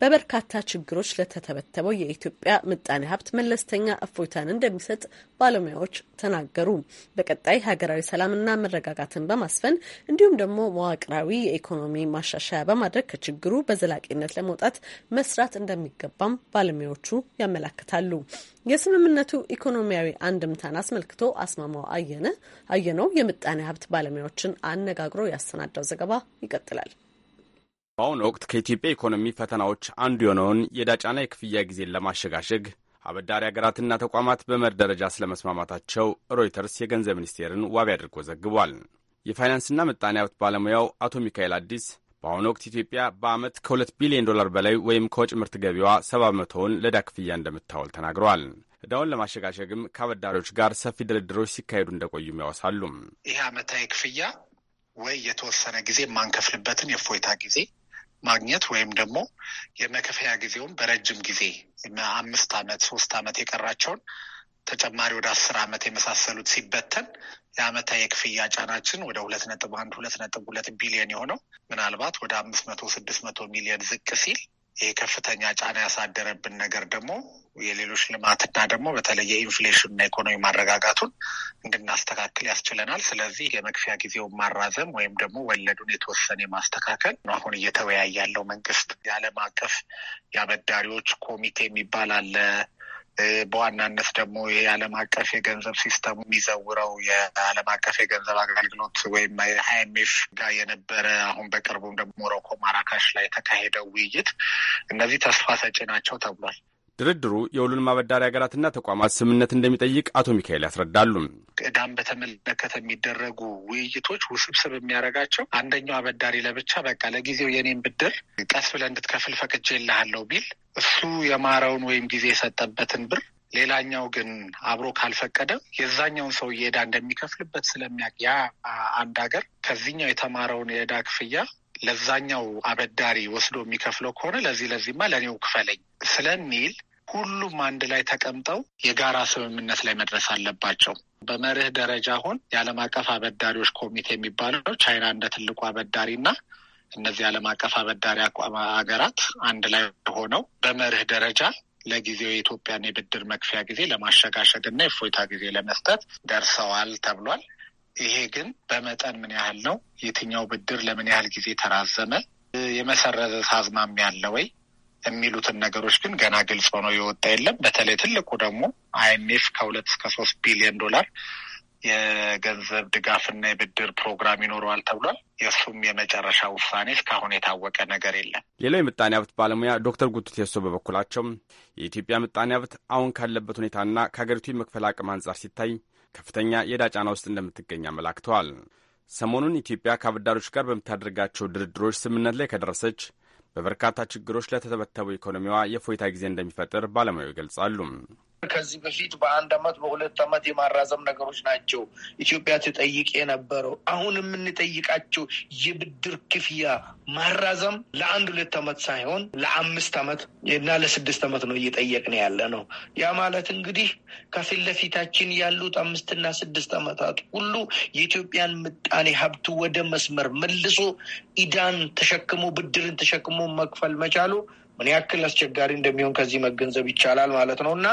በበርካታ ችግሮች ለተተበተበው የኢትዮጵያ ምጣኔ ሀብት መለስተኛ እፎይታን እንደሚሰጥ ባለሙያዎች ተናገሩ። በቀጣይ ሀገራዊ ሰላምና መረጋጋትን በማስፈን እንዲሁም ደግሞ መዋቅራዊ የኢኮኖሚ ማሻሻያ በማድረግ ከችግሩ በዘላቂነት ለመውጣት መስራት እንደሚገባም ባለሙያዎቹ ያመላክታሉ። የስምምነቱ ኢኮኖሚያዊ አንድምታን አስመልክቶ አስማማው አየነ አየነው የምጣኔ ሀብት ባለሙያዎችን አነጋግሮ ያሰናዳው ዘገባ ይቀጥላል። በአሁኑ ወቅት ከኢትዮጵያ ኢኮኖሚ ፈተናዎች አንዱ የሆነውን የዕዳ ጫና የክፍያ ጊዜን ለማሸጋሸግ አበዳሪ ሀገራትና ተቋማት በመር ደረጃ ስለመስማማታቸው ሮይተርስ የገንዘብ ሚኒስቴርን ዋቢ አድርጎ ዘግቧል። የፋይናንስና ምጣኔ ሀብት ባለሙያው አቶ ሚካኤል አዲስ በአሁኑ ወቅት ኢትዮጵያ በዓመት ከሁለት ቢሊዮን ዶላር በላይ ወይም ከወጭ ምርት ገቢዋ ሰባ በመቶውን ለዕዳ ክፍያ እንደምታወል ተናግረዋል። እዳውን ለማሸጋሸግም ከአበዳሪዎች ጋር ሰፊ ድርድሮች ሲካሄዱ እንደቆዩም ያወሳሉ። ይህ ዓመታዊ ክፍያ ወይ የተወሰነ ጊዜ የማንከፍልበትን የእፎይታ ጊዜ ማግኘት ወይም ደግሞ የመከፈያ ጊዜውን በረጅም ጊዜ አምስት ዓመት ሶስት ዓመት የቀራቸውን ተጨማሪ ወደ አስር ዓመት የመሳሰሉት ሲበተን የአመታ የክፍያ ጫናችን ወደ ሁለት ነጥብ አንድ ሁለት ነጥብ ሁለት ቢሊዮን የሆነው ምናልባት ወደ አምስት መቶ ስድስት መቶ ሚሊዮን ዝቅ ሲል ይህ ከፍተኛ ጫና ያሳደረብን ነገር ደግሞ የሌሎች ልማትና ደግሞ በተለይ የኢንፍሌሽንና ኢኮኖሚ ማረጋጋቱን እንድናስተካክል ያስችለናል። ስለዚህ የመክፊያ ጊዜውን ማራዘም ወይም ደግሞ ወለዱን የተወሰነ የማስተካከል አሁን እየተወያየ ያለው መንግስት። የዓለም አቀፍ የአበዳሪዎች ኮሚቴ የሚባል አለ። በዋናነት ደግሞ የዓለም አቀፍ የገንዘብ ሲስተሙ የሚዘውረው የዓለም አቀፍ የገንዘብ አገልግሎት ወይም አይኤምኤፍ ጋር የነበረ አሁን በቅርቡም ደግሞ ሞሮኮ ማራካሽ ላይ የተካሄደው ውይይት እነዚህ ተስፋ ሰጪ ናቸው ተብሏል። ድርድሩ የሁሉን ማበዳሪ ሀገራትና ተቋማት ስምምነት እንደሚጠይቅ አቶ ሚካኤል ያስረዳሉ። እዳን በተመለከተ የሚደረጉ ውይይቶች ውስብስብ የሚያደርጋቸው አንደኛው አበዳሪ ለብቻ በቃ ለጊዜው የኔን ብድር ቀስ ብለህ እንድትከፍል ፈቅጄልሃለሁ ቢል እሱ የማረውን ወይም ጊዜ የሰጠበትን ብር ሌላኛው ግን አብሮ ካልፈቀደ የዛኛውን ሰው የዕዳ እንደሚከፍልበት ስለሚያውቅ ያ አንድ ሀገር ከዚህኛው የተማረውን የዕዳ ክፍያ ለዛኛው አበዳሪ ወስዶ የሚከፍለው ከሆነ ለዚህ ለዚህማ ለእኔው ክፈለኝ ስለሚል ሁሉም አንድ ላይ ተቀምጠው የጋራ ስምምነት ላይ መድረስ አለባቸው። በመርህ ደረጃ አሁን የዓለም አቀፍ አበዳሪዎች ኮሚቴ የሚባለው ቻይና እንደ ትልቁ አበዳሪ እና እነዚህ ዓለም አቀፍ አበዳሪ ሀገራት አንድ ላይ ሆነው በመርህ ደረጃ ለጊዜው የኢትዮጵያን የብድር መክፊያ ጊዜ ለማሸጋሸግ እና የእፎይታ ጊዜ ለመስጠት ደርሰዋል ተብሏል። ይሄ ግን በመጠን ምን ያህል ነው? የትኛው ብድር ለምን ያህል ጊዜ ተራዘመ? የመሰረዘ አዝማሚያ ያለ ወይ የሚሉትን ነገሮች ግን ገና ግልጽ ሆኖ የወጣ የለም። በተለይ ትልቁ ደግሞ አይኤምኤፍ ከሁለት እስከ ሶስት ቢሊዮን ዶላር የገንዘብ ድጋፍና የብድር ፕሮግራም ይኖረዋል ተብሏል። የእሱም የመጨረሻ ውሳኔ እስካሁን የታወቀ ነገር የለም። ሌላው የምጣኔ ሀብት ባለሙያ ዶክተር ጉቱ ቴሶ በበኩላቸው የኢትዮጵያ ምጣኔ ሀብት አሁን ካለበት ሁኔታና ከሀገሪቱ የመክፈል አቅም አንጻር ሲታይ ከፍተኛ የዕዳ ጫና ውስጥ እንደምትገኝ አመላክተዋል። ሰሞኑን ኢትዮጵያ ከአበዳሪዎች ጋር በምታደርጋቸው ድርድሮች ስምምነት ላይ ከደረሰች በበርካታ ችግሮች ለተተበተበው ኢኮኖሚዋ የፎይታ ጊዜ እንደሚፈጥር ባለሙያው ይገልጻሉ። ከዚህ በፊት በአንድ አመት በሁለት አመት የማራዘም ነገሮች ናቸው ኢትዮጵያ ትጠይቅ የነበረው። አሁን የምንጠይቃቸው የብድር ክፍያ ማራዘም ለአንድ ሁለት አመት ሳይሆን ለአምስት አመት እና ለስድስት አመት ነው እየጠየቅን ያለ ነው። ያ ማለት እንግዲህ ከፊት ለፊታችን ያሉት አምስትና ስድስት አመታት ሁሉ የኢትዮጵያን ምጣኔ ሀብት ወደ መስመር መልሶ ኢዳን ተሸክሞ ብድርን ተሸክሞ መክፈል መቻሉ ምን ያክል አስቸጋሪ እንደሚሆን ከዚህ መገንዘብ ይቻላል ማለት ነው። እና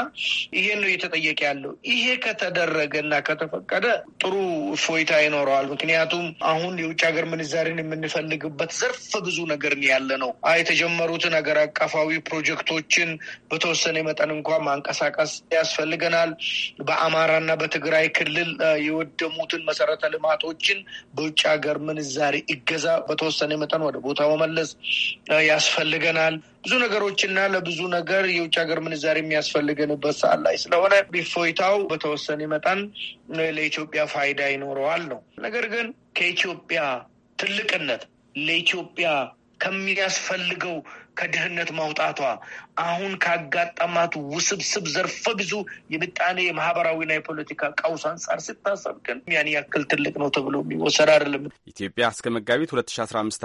ይሄን ነው እየተጠየቀ ያለው። ይሄ ከተደረገ እና ከተፈቀደ ጥሩ እፎይታ ይኖረዋል። ምክንያቱም አሁን የውጭ ሀገር ምንዛሬን የምንፈልግበት ዘርፈ ብዙ ነገር ያለ ነው። የተጀመሩትን ሀገር አቀፋዊ ፕሮጀክቶችን በተወሰነ መጠን እንኳን ማንቀሳቀስ ያስፈልገናል። በአማራና በትግራይ ክልል የወደሙትን መሰረተ ልማቶችን በውጭ ሀገር ምንዛሬ ይገዛ በተወሰነ መጠን ወደ ቦታ መመለስ ያስፈልገናል። ብዙ ነገሮችና ለብዙ ነገር የውጭ ሀገር ምንዛሪ የሚያስፈልገንበት ሰዓት ላይ ስለሆነ ቢፎይታው በተወሰነ መጠን ለኢትዮጵያ ፋይዳ ይኖረዋል ነው። ነገር ግን ከኢትዮጵያ ትልቅነት ለኢትዮጵያ ከሚያስፈልገው ከድህነት ማውጣቷ አሁን ካጋጠማት ውስብስብ ዘርፈ ብዙ የምጣኔ የማህበራዊና የፖለቲካ ቀውስ አንጻር ሲታሰብ ግን ያን ያክል ትልቅ ነው ተብሎ የሚወሰድ አይደለም። ኢትዮጵያ እስከ መጋቢት ሁለት ሺ አስራ አምስት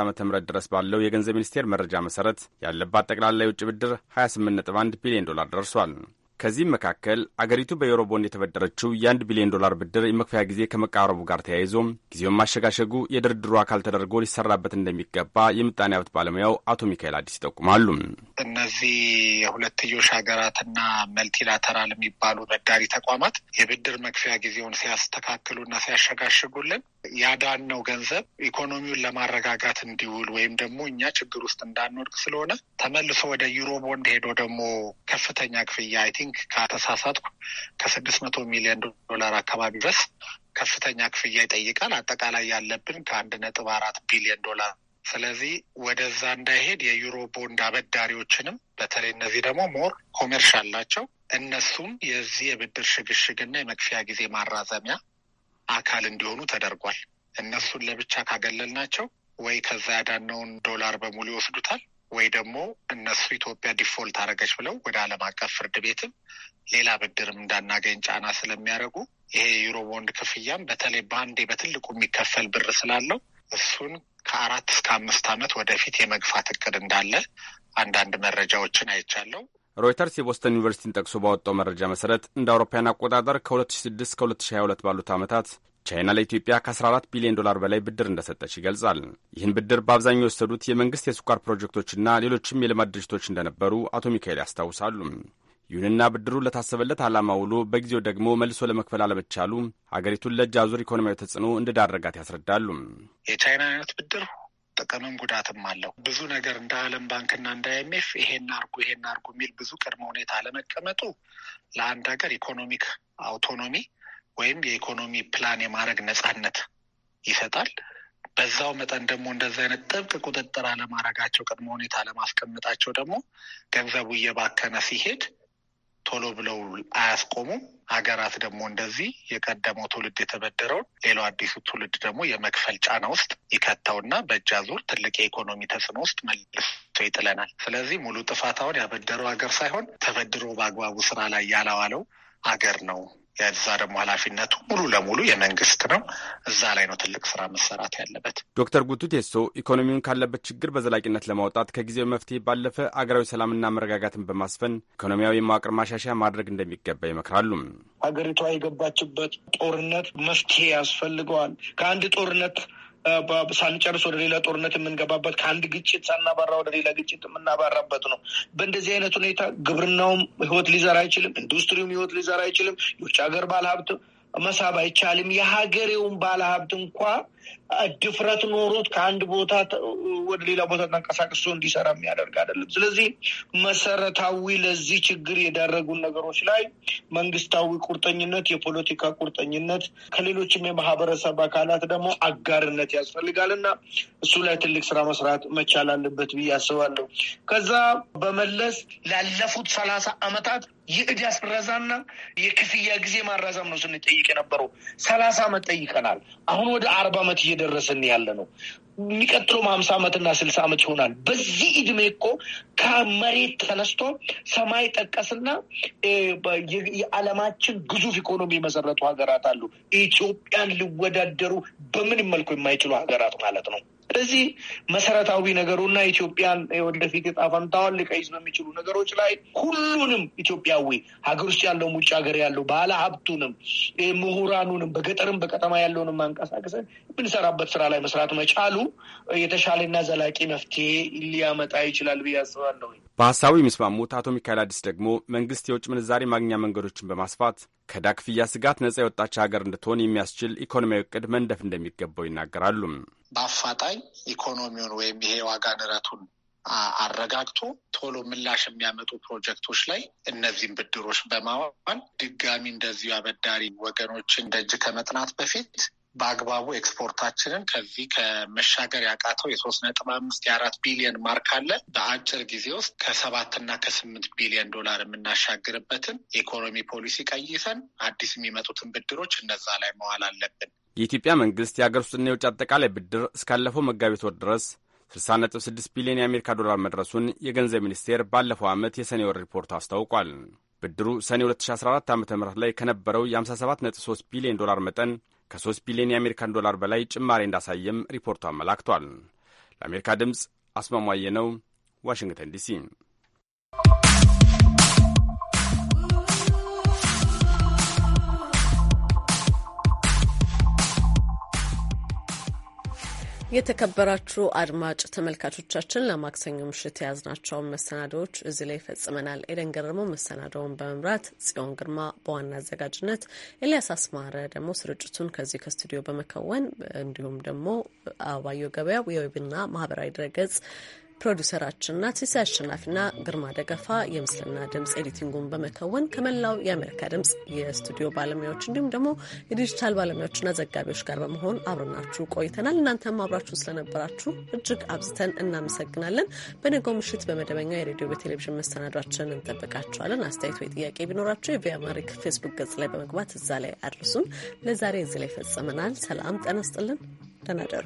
ድረስ ባለው የገንዘብ ሚኒስቴር መረጃ መሰረት ያለባት ጠቅላላ የውጭ ብድር ሀያ ስምንት ነጥብ አንድ ቢሊዮን ዶላር ደርሷል። ከዚህም መካከል አገሪቱ በዩሮ ቦንድ የተበደረችው የአንድ ቢሊዮን ዶላር ብድር የመክፈያ ጊዜ ከመቃረቡ ጋር ተያይዞ ጊዜውን ማሸጋሸጉ የድርድሩ አካል ተደርጎ ሊሰራበት እንደሚገባ የምጣኔ ሀብት ባለሙያው አቶ ሚካኤል አዲስ ይጠቁማሉ። እነዚህ የሁለትዮሽ ሀገራትና መልቲላተራል የሚባሉ በዳሪ ተቋማት የብድር መክፈያ ጊዜውን ሲያስተካክሉና ሲያሸጋሽጉልን ያዳነው ገንዘብ ኢኮኖሚውን ለማረጋጋት እንዲውል ወይም ደግሞ እኛ ችግር ውስጥ እንዳንወድቅ ስለሆነ ተመልሶ ወደ ዩሮ ቦንድ ሄዶ ደግሞ ከፍተኛ ክፍያ አይ ቲንክ ከተሳሳትኩ ከስድስት መቶ ሚሊዮን ዶላር አካባቢ ድረስ ከፍተኛ ክፍያ ይጠይቃል። አጠቃላይ ያለብን ከአንድ ነጥብ አራት ቢሊዮን ዶላር ስለዚህ ወደዛ እንዳይሄድ የዩሮ ቦንድ አበዳሪዎችንም በተለይ እነዚህ ደግሞ ሞር ኮሜርሻል አላቸው እነሱም የዚህ የብድር ሽግሽግና የመክፊያ ጊዜ ማራዘሚያ አካል እንዲሆኑ ተደርጓል። እነሱን ለብቻ ካገለልናቸው ወይ ከዛ ያዳነውን ዶላር በሙሉ ይወስዱታል ወይ ደግሞ እነሱ ኢትዮጵያ ዲፎልት አደረገች ብለው ወደ ዓለም አቀፍ ፍርድ ቤትም ሌላ ብድርም እንዳናገኝ ጫና ስለሚያደርጉ ይሄ የዩሮ ቦንድ ክፍያም በተለይ በአንዴ በትልቁ የሚከፈል ብር ስላለው እሱን ከአራት እስከ አምስት ዓመት ወደፊት የመግፋት እቅድ እንዳለ አንዳንድ መረጃዎችን አይቻለሁ። ሮይተርስ የቦስተን ዩኒቨርሲቲን ጠቅሶ ባወጣው መረጃ መሰረት እንደ አውሮፓውያን አቆጣጠር ከ2006 ከ 2022 ባሉት ዓመታት ቻይና ለኢትዮጵያ ከ14 ቢሊዮን ዶላር በላይ ብድር እንደሰጠች ይገልጻል። ይህን ብድር በአብዛኛው የወሰዱት የመንግስት የስኳር ፕሮጀክቶችና ሌሎችም የልማት ድርጅቶች እንደነበሩ አቶ ሚካኤል ያስታውሳሉ። ይሁንና ብድሩ ለታሰበለት ዓላማ ውሎ በጊዜው ደግሞ መልሶ ለመክፈል አለመቻሉ አገሪቱን ለእጅ አዙር ኢኮኖሚያዊ ተጽዕኖ እንደዳረጋት ያስረዳሉ። የቻይና አይነት ብድር ጥቅምም ጉዳትም አለው። ብዙ ነገር እንደ ዓለም ባንክና እንደ አይኤምኤፍ ይሄን አርጉ ይሄን አርጉ የሚል ብዙ ቅድመ ሁኔታ አለመቀመጡ ለአንድ ሀገር ኢኮኖሚክ አውቶኖሚ ወይም የኢኮኖሚ ፕላን የማድረግ ነጻነት ይሰጣል። በዛው መጠን ደግሞ እንደዚ አይነት ጥብቅ ቁጥጥር አለማድረጋቸው፣ ቅድመ ሁኔታ አለማስቀመጣቸው ደግሞ ገንዘቡ እየባከነ ሲሄድ ቶሎ ብለው አያስቆሙም። ሀገራት ደግሞ እንደዚህ የቀደመው ትውልድ የተበደረውን ሌላው አዲሱ ትውልድ ደግሞ የመክፈል ጫና ውስጥ ይከተውና በእጃ ዙር ትልቅ የኢኮኖሚ ተጽዕኖ ውስጥ መልሶ ይጥለናል። ስለዚህ ሙሉ ጥፋት አሁን ያበደረው ሀገር ሳይሆን ተበድሮ በአግባቡ ስራ ላይ ያላዋለው ሀገር ነው የዛ ደግሞ ኃላፊነቱ ሙሉ ለሙሉ የመንግስት ነው። እዛ ላይ ነው ትልቅ ስራ መሰራት ያለበት። ዶክተር ጉቱ ቴሶ ኢኮኖሚውን ካለበት ችግር በዘላቂነት ለማውጣት ከጊዜው መፍትሄ ባለፈ አገራዊ ሰላምና መረጋጋትን በማስፈን ኢኮኖሚያዊ መዋቅር ማሻሻያ ማድረግ እንደሚገባ ይመክራሉ። ሀገሪቷ የገባችበት ጦርነት መፍትሄ ያስፈልገዋል። ከአንድ ጦርነት ሳንጨርስ ወደ ሌላ ጦርነት የምንገባበት ከአንድ ግጭት ሳናባራ ወደ ሌላ ግጭት የምናባራበት ነው። በእንደዚህ አይነት ሁኔታ ግብርናውም ህይወት ሊዘራ አይችልም፣ ኢንዱስትሪውም ህይወት ሊዘራ አይችልም። የውጭ ሀገር ባለሀብት መሳብ አይቻልም። የሀገሬውን ባለሀብት እንኳ ድፍረት ኖሮት ከአንድ ቦታ ወደ ሌላ ቦታ ተንቀሳቅሶ እንዲሰራ የሚያደርግ አይደለም። ስለዚህ መሰረታዊ ለዚህ ችግር የዳረጉን ነገሮች ላይ መንግስታዊ ቁርጠኝነት፣ የፖለቲካ ቁርጠኝነት ከሌሎችም የማህበረሰብ አካላት ደግሞ አጋርነት ያስፈልጋል እና እሱ ላይ ትልቅ ስራ መስራት መቻል አለበት ብዬ አስባለሁ። ከዛ በመለስ ላለፉት ሰላሳ አመታት። የእዳ ስረዛና የክፍያ ጊዜ ማራዛም ነው ስንጠይቅ የነበረው። ሰላሳ ዓመት ጠይቀናል። አሁን ወደ አርባ ዓመት እየደረስን ያለ ነው። የሚቀጥለውም ሀምሳ ዓመትና ስልሳ ዓመት ይሆናል። በዚህ እድሜ እኮ ከመሬት ተነስቶ ሰማይ ጠቀስና የዓለማችን ግዙፍ ኢኮኖሚ የመሰረቱ ሀገራት አሉ። ኢትዮጵያን ሊወዳደሩ በምንም መልኩ የማይችሉ ሀገራት ማለት ነው። ስለዚህ መሰረታዊ ነገሩና ኢትዮጵያን ወደፊት ዕጣ ፈንታዋን በሚችሉ ነገሮች ላይ ሁሉንም ኢትዮጵያዊ ሀገር ውስጥ ያለውም ውጭ ሀገር ያለው ባለ ሀብቱንም ምሁራኑንም በገጠርም በከተማ ያለውንም ማንቀሳቀስን የምንሰራበት ስራ ላይ መስራት መቻሉ የተሻለና ዘላቂ መፍትሄ ሊያመጣ ይችላል ብዬ አስባለሁ። በሀሳቡ የሚስማሙት አቶ ሚካኤል አዲስ ደግሞ መንግስት የውጭ ምንዛሬ ማግኛ መንገዶችን በማስፋት ከዕዳ ክፍያ ስጋት ነጻ የወጣች ሀገር እንድትሆን የሚያስችል ኢኮኖሚያዊ እቅድ መንደፍ እንደሚገባው ይናገራሉ። በአፋጣኝ ኢኮኖሚውን ወይም ይሄ ዋጋ ንረቱን አረጋግቶ ቶሎ ምላሽ የሚያመጡ ፕሮጀክቶች ላይ እነዚህን ብድሮች በማዋል ድጋሚ እንደዚሁ አበዳሪ ወገኖችን ደጅ ከመጥናት በፊት በአግባቡ ኤክስፖርታችንን ከዚህ ከመሻገር ያቃተው የሶስት ነጥብ አምስት የአራት ቢሊዮን ማርክ አለ በአጭር ጊዜ ውስጥ ከሰባትና ከስምንት ቢሊዮን ዶላር የምናሻግርበትን የኢኮኖሚ ፖሊሲ ቀይሰን አዲስ የሚመጡትን ብድሮች እነዛ ላይ መዋል አለብን። የኢትዮጵያ መንግስት የአገር ውስጥና የውጭ አጠቃላይ ብድር እስካለፈው መጋቢት ወር ድረስ 60.6 ቢሊዮን የአሜሪካ ዶላር መድረሱን የገንዘብ ሚኒስቴር ባለፈው ዓመት የሰኔ ወር ሪፖርቱ አስታውቋል። ብድሩ ሰኔ 2014 ዓ ም ላይ ከነበረው የ57.3 ቢሊዮን ዶላር መጠን ከ3 ቢሊዮን የአሜሪካን ዶላር በላይ ጭማሪ እንዳሳየም ሪፖርቱ አመላክቷል። ለአሜሪካ ድምፅ አስማማየ ነው፣ ዋሽንግተን ዲሲ የተከበራችሁ አድማጭ ተመልካቾቻችን ለማክሰኞ ምሽት የያዝናቸውን መሰናዶዎች እዚህ ላይ ይፈጽመናል። ኤደን ገረመው መሰናዶውን በመምራት ጽዮን ግርማ በዋና አዘጋጅነት፣ ኤልያስ አስማረ ደግሞ ስርጭቱን ከዚህ ከስቱዲዮ በመከወን እንዲሁም ደግሞ አባዮ ገበያ የዌብና ማህበራዊ ድረገጽ ፕሮዲውሰራችን ናትሲ አሸናፊና ግርማ ደገፋ የምስልና ድምፅ ኤዲቲንጉን በመከወን ከመላው የአሜሪካ ድምፅ የስቱዲዮ ባለሙያዎች እንዲሁም ደግሞ የዲጂታል ባለሙያዎችና ዘጋቢዎች ጋር በመሆን አብረናችሁ ቆይተናል። እናንተም አብራችሁ ስለነበራችሁ እጅግ አብዝተን እናመሰግናለን። በነገው ምሽት በመደበኛ የሬዲዮ በቴሌቪዥን መሰናዷችን እንጠብቃችኋለን። አስተያየት ወይ ጥያቄ ቢኖራችሁ የቪኦኤ ፌስቡክ ገጽ ላይ በመግባት እዛ ላይ አድርሱን። ለዛሬ እዚህ ላይ ፈጽመናል። ሰላም ጠነስጥልን ደናደሩ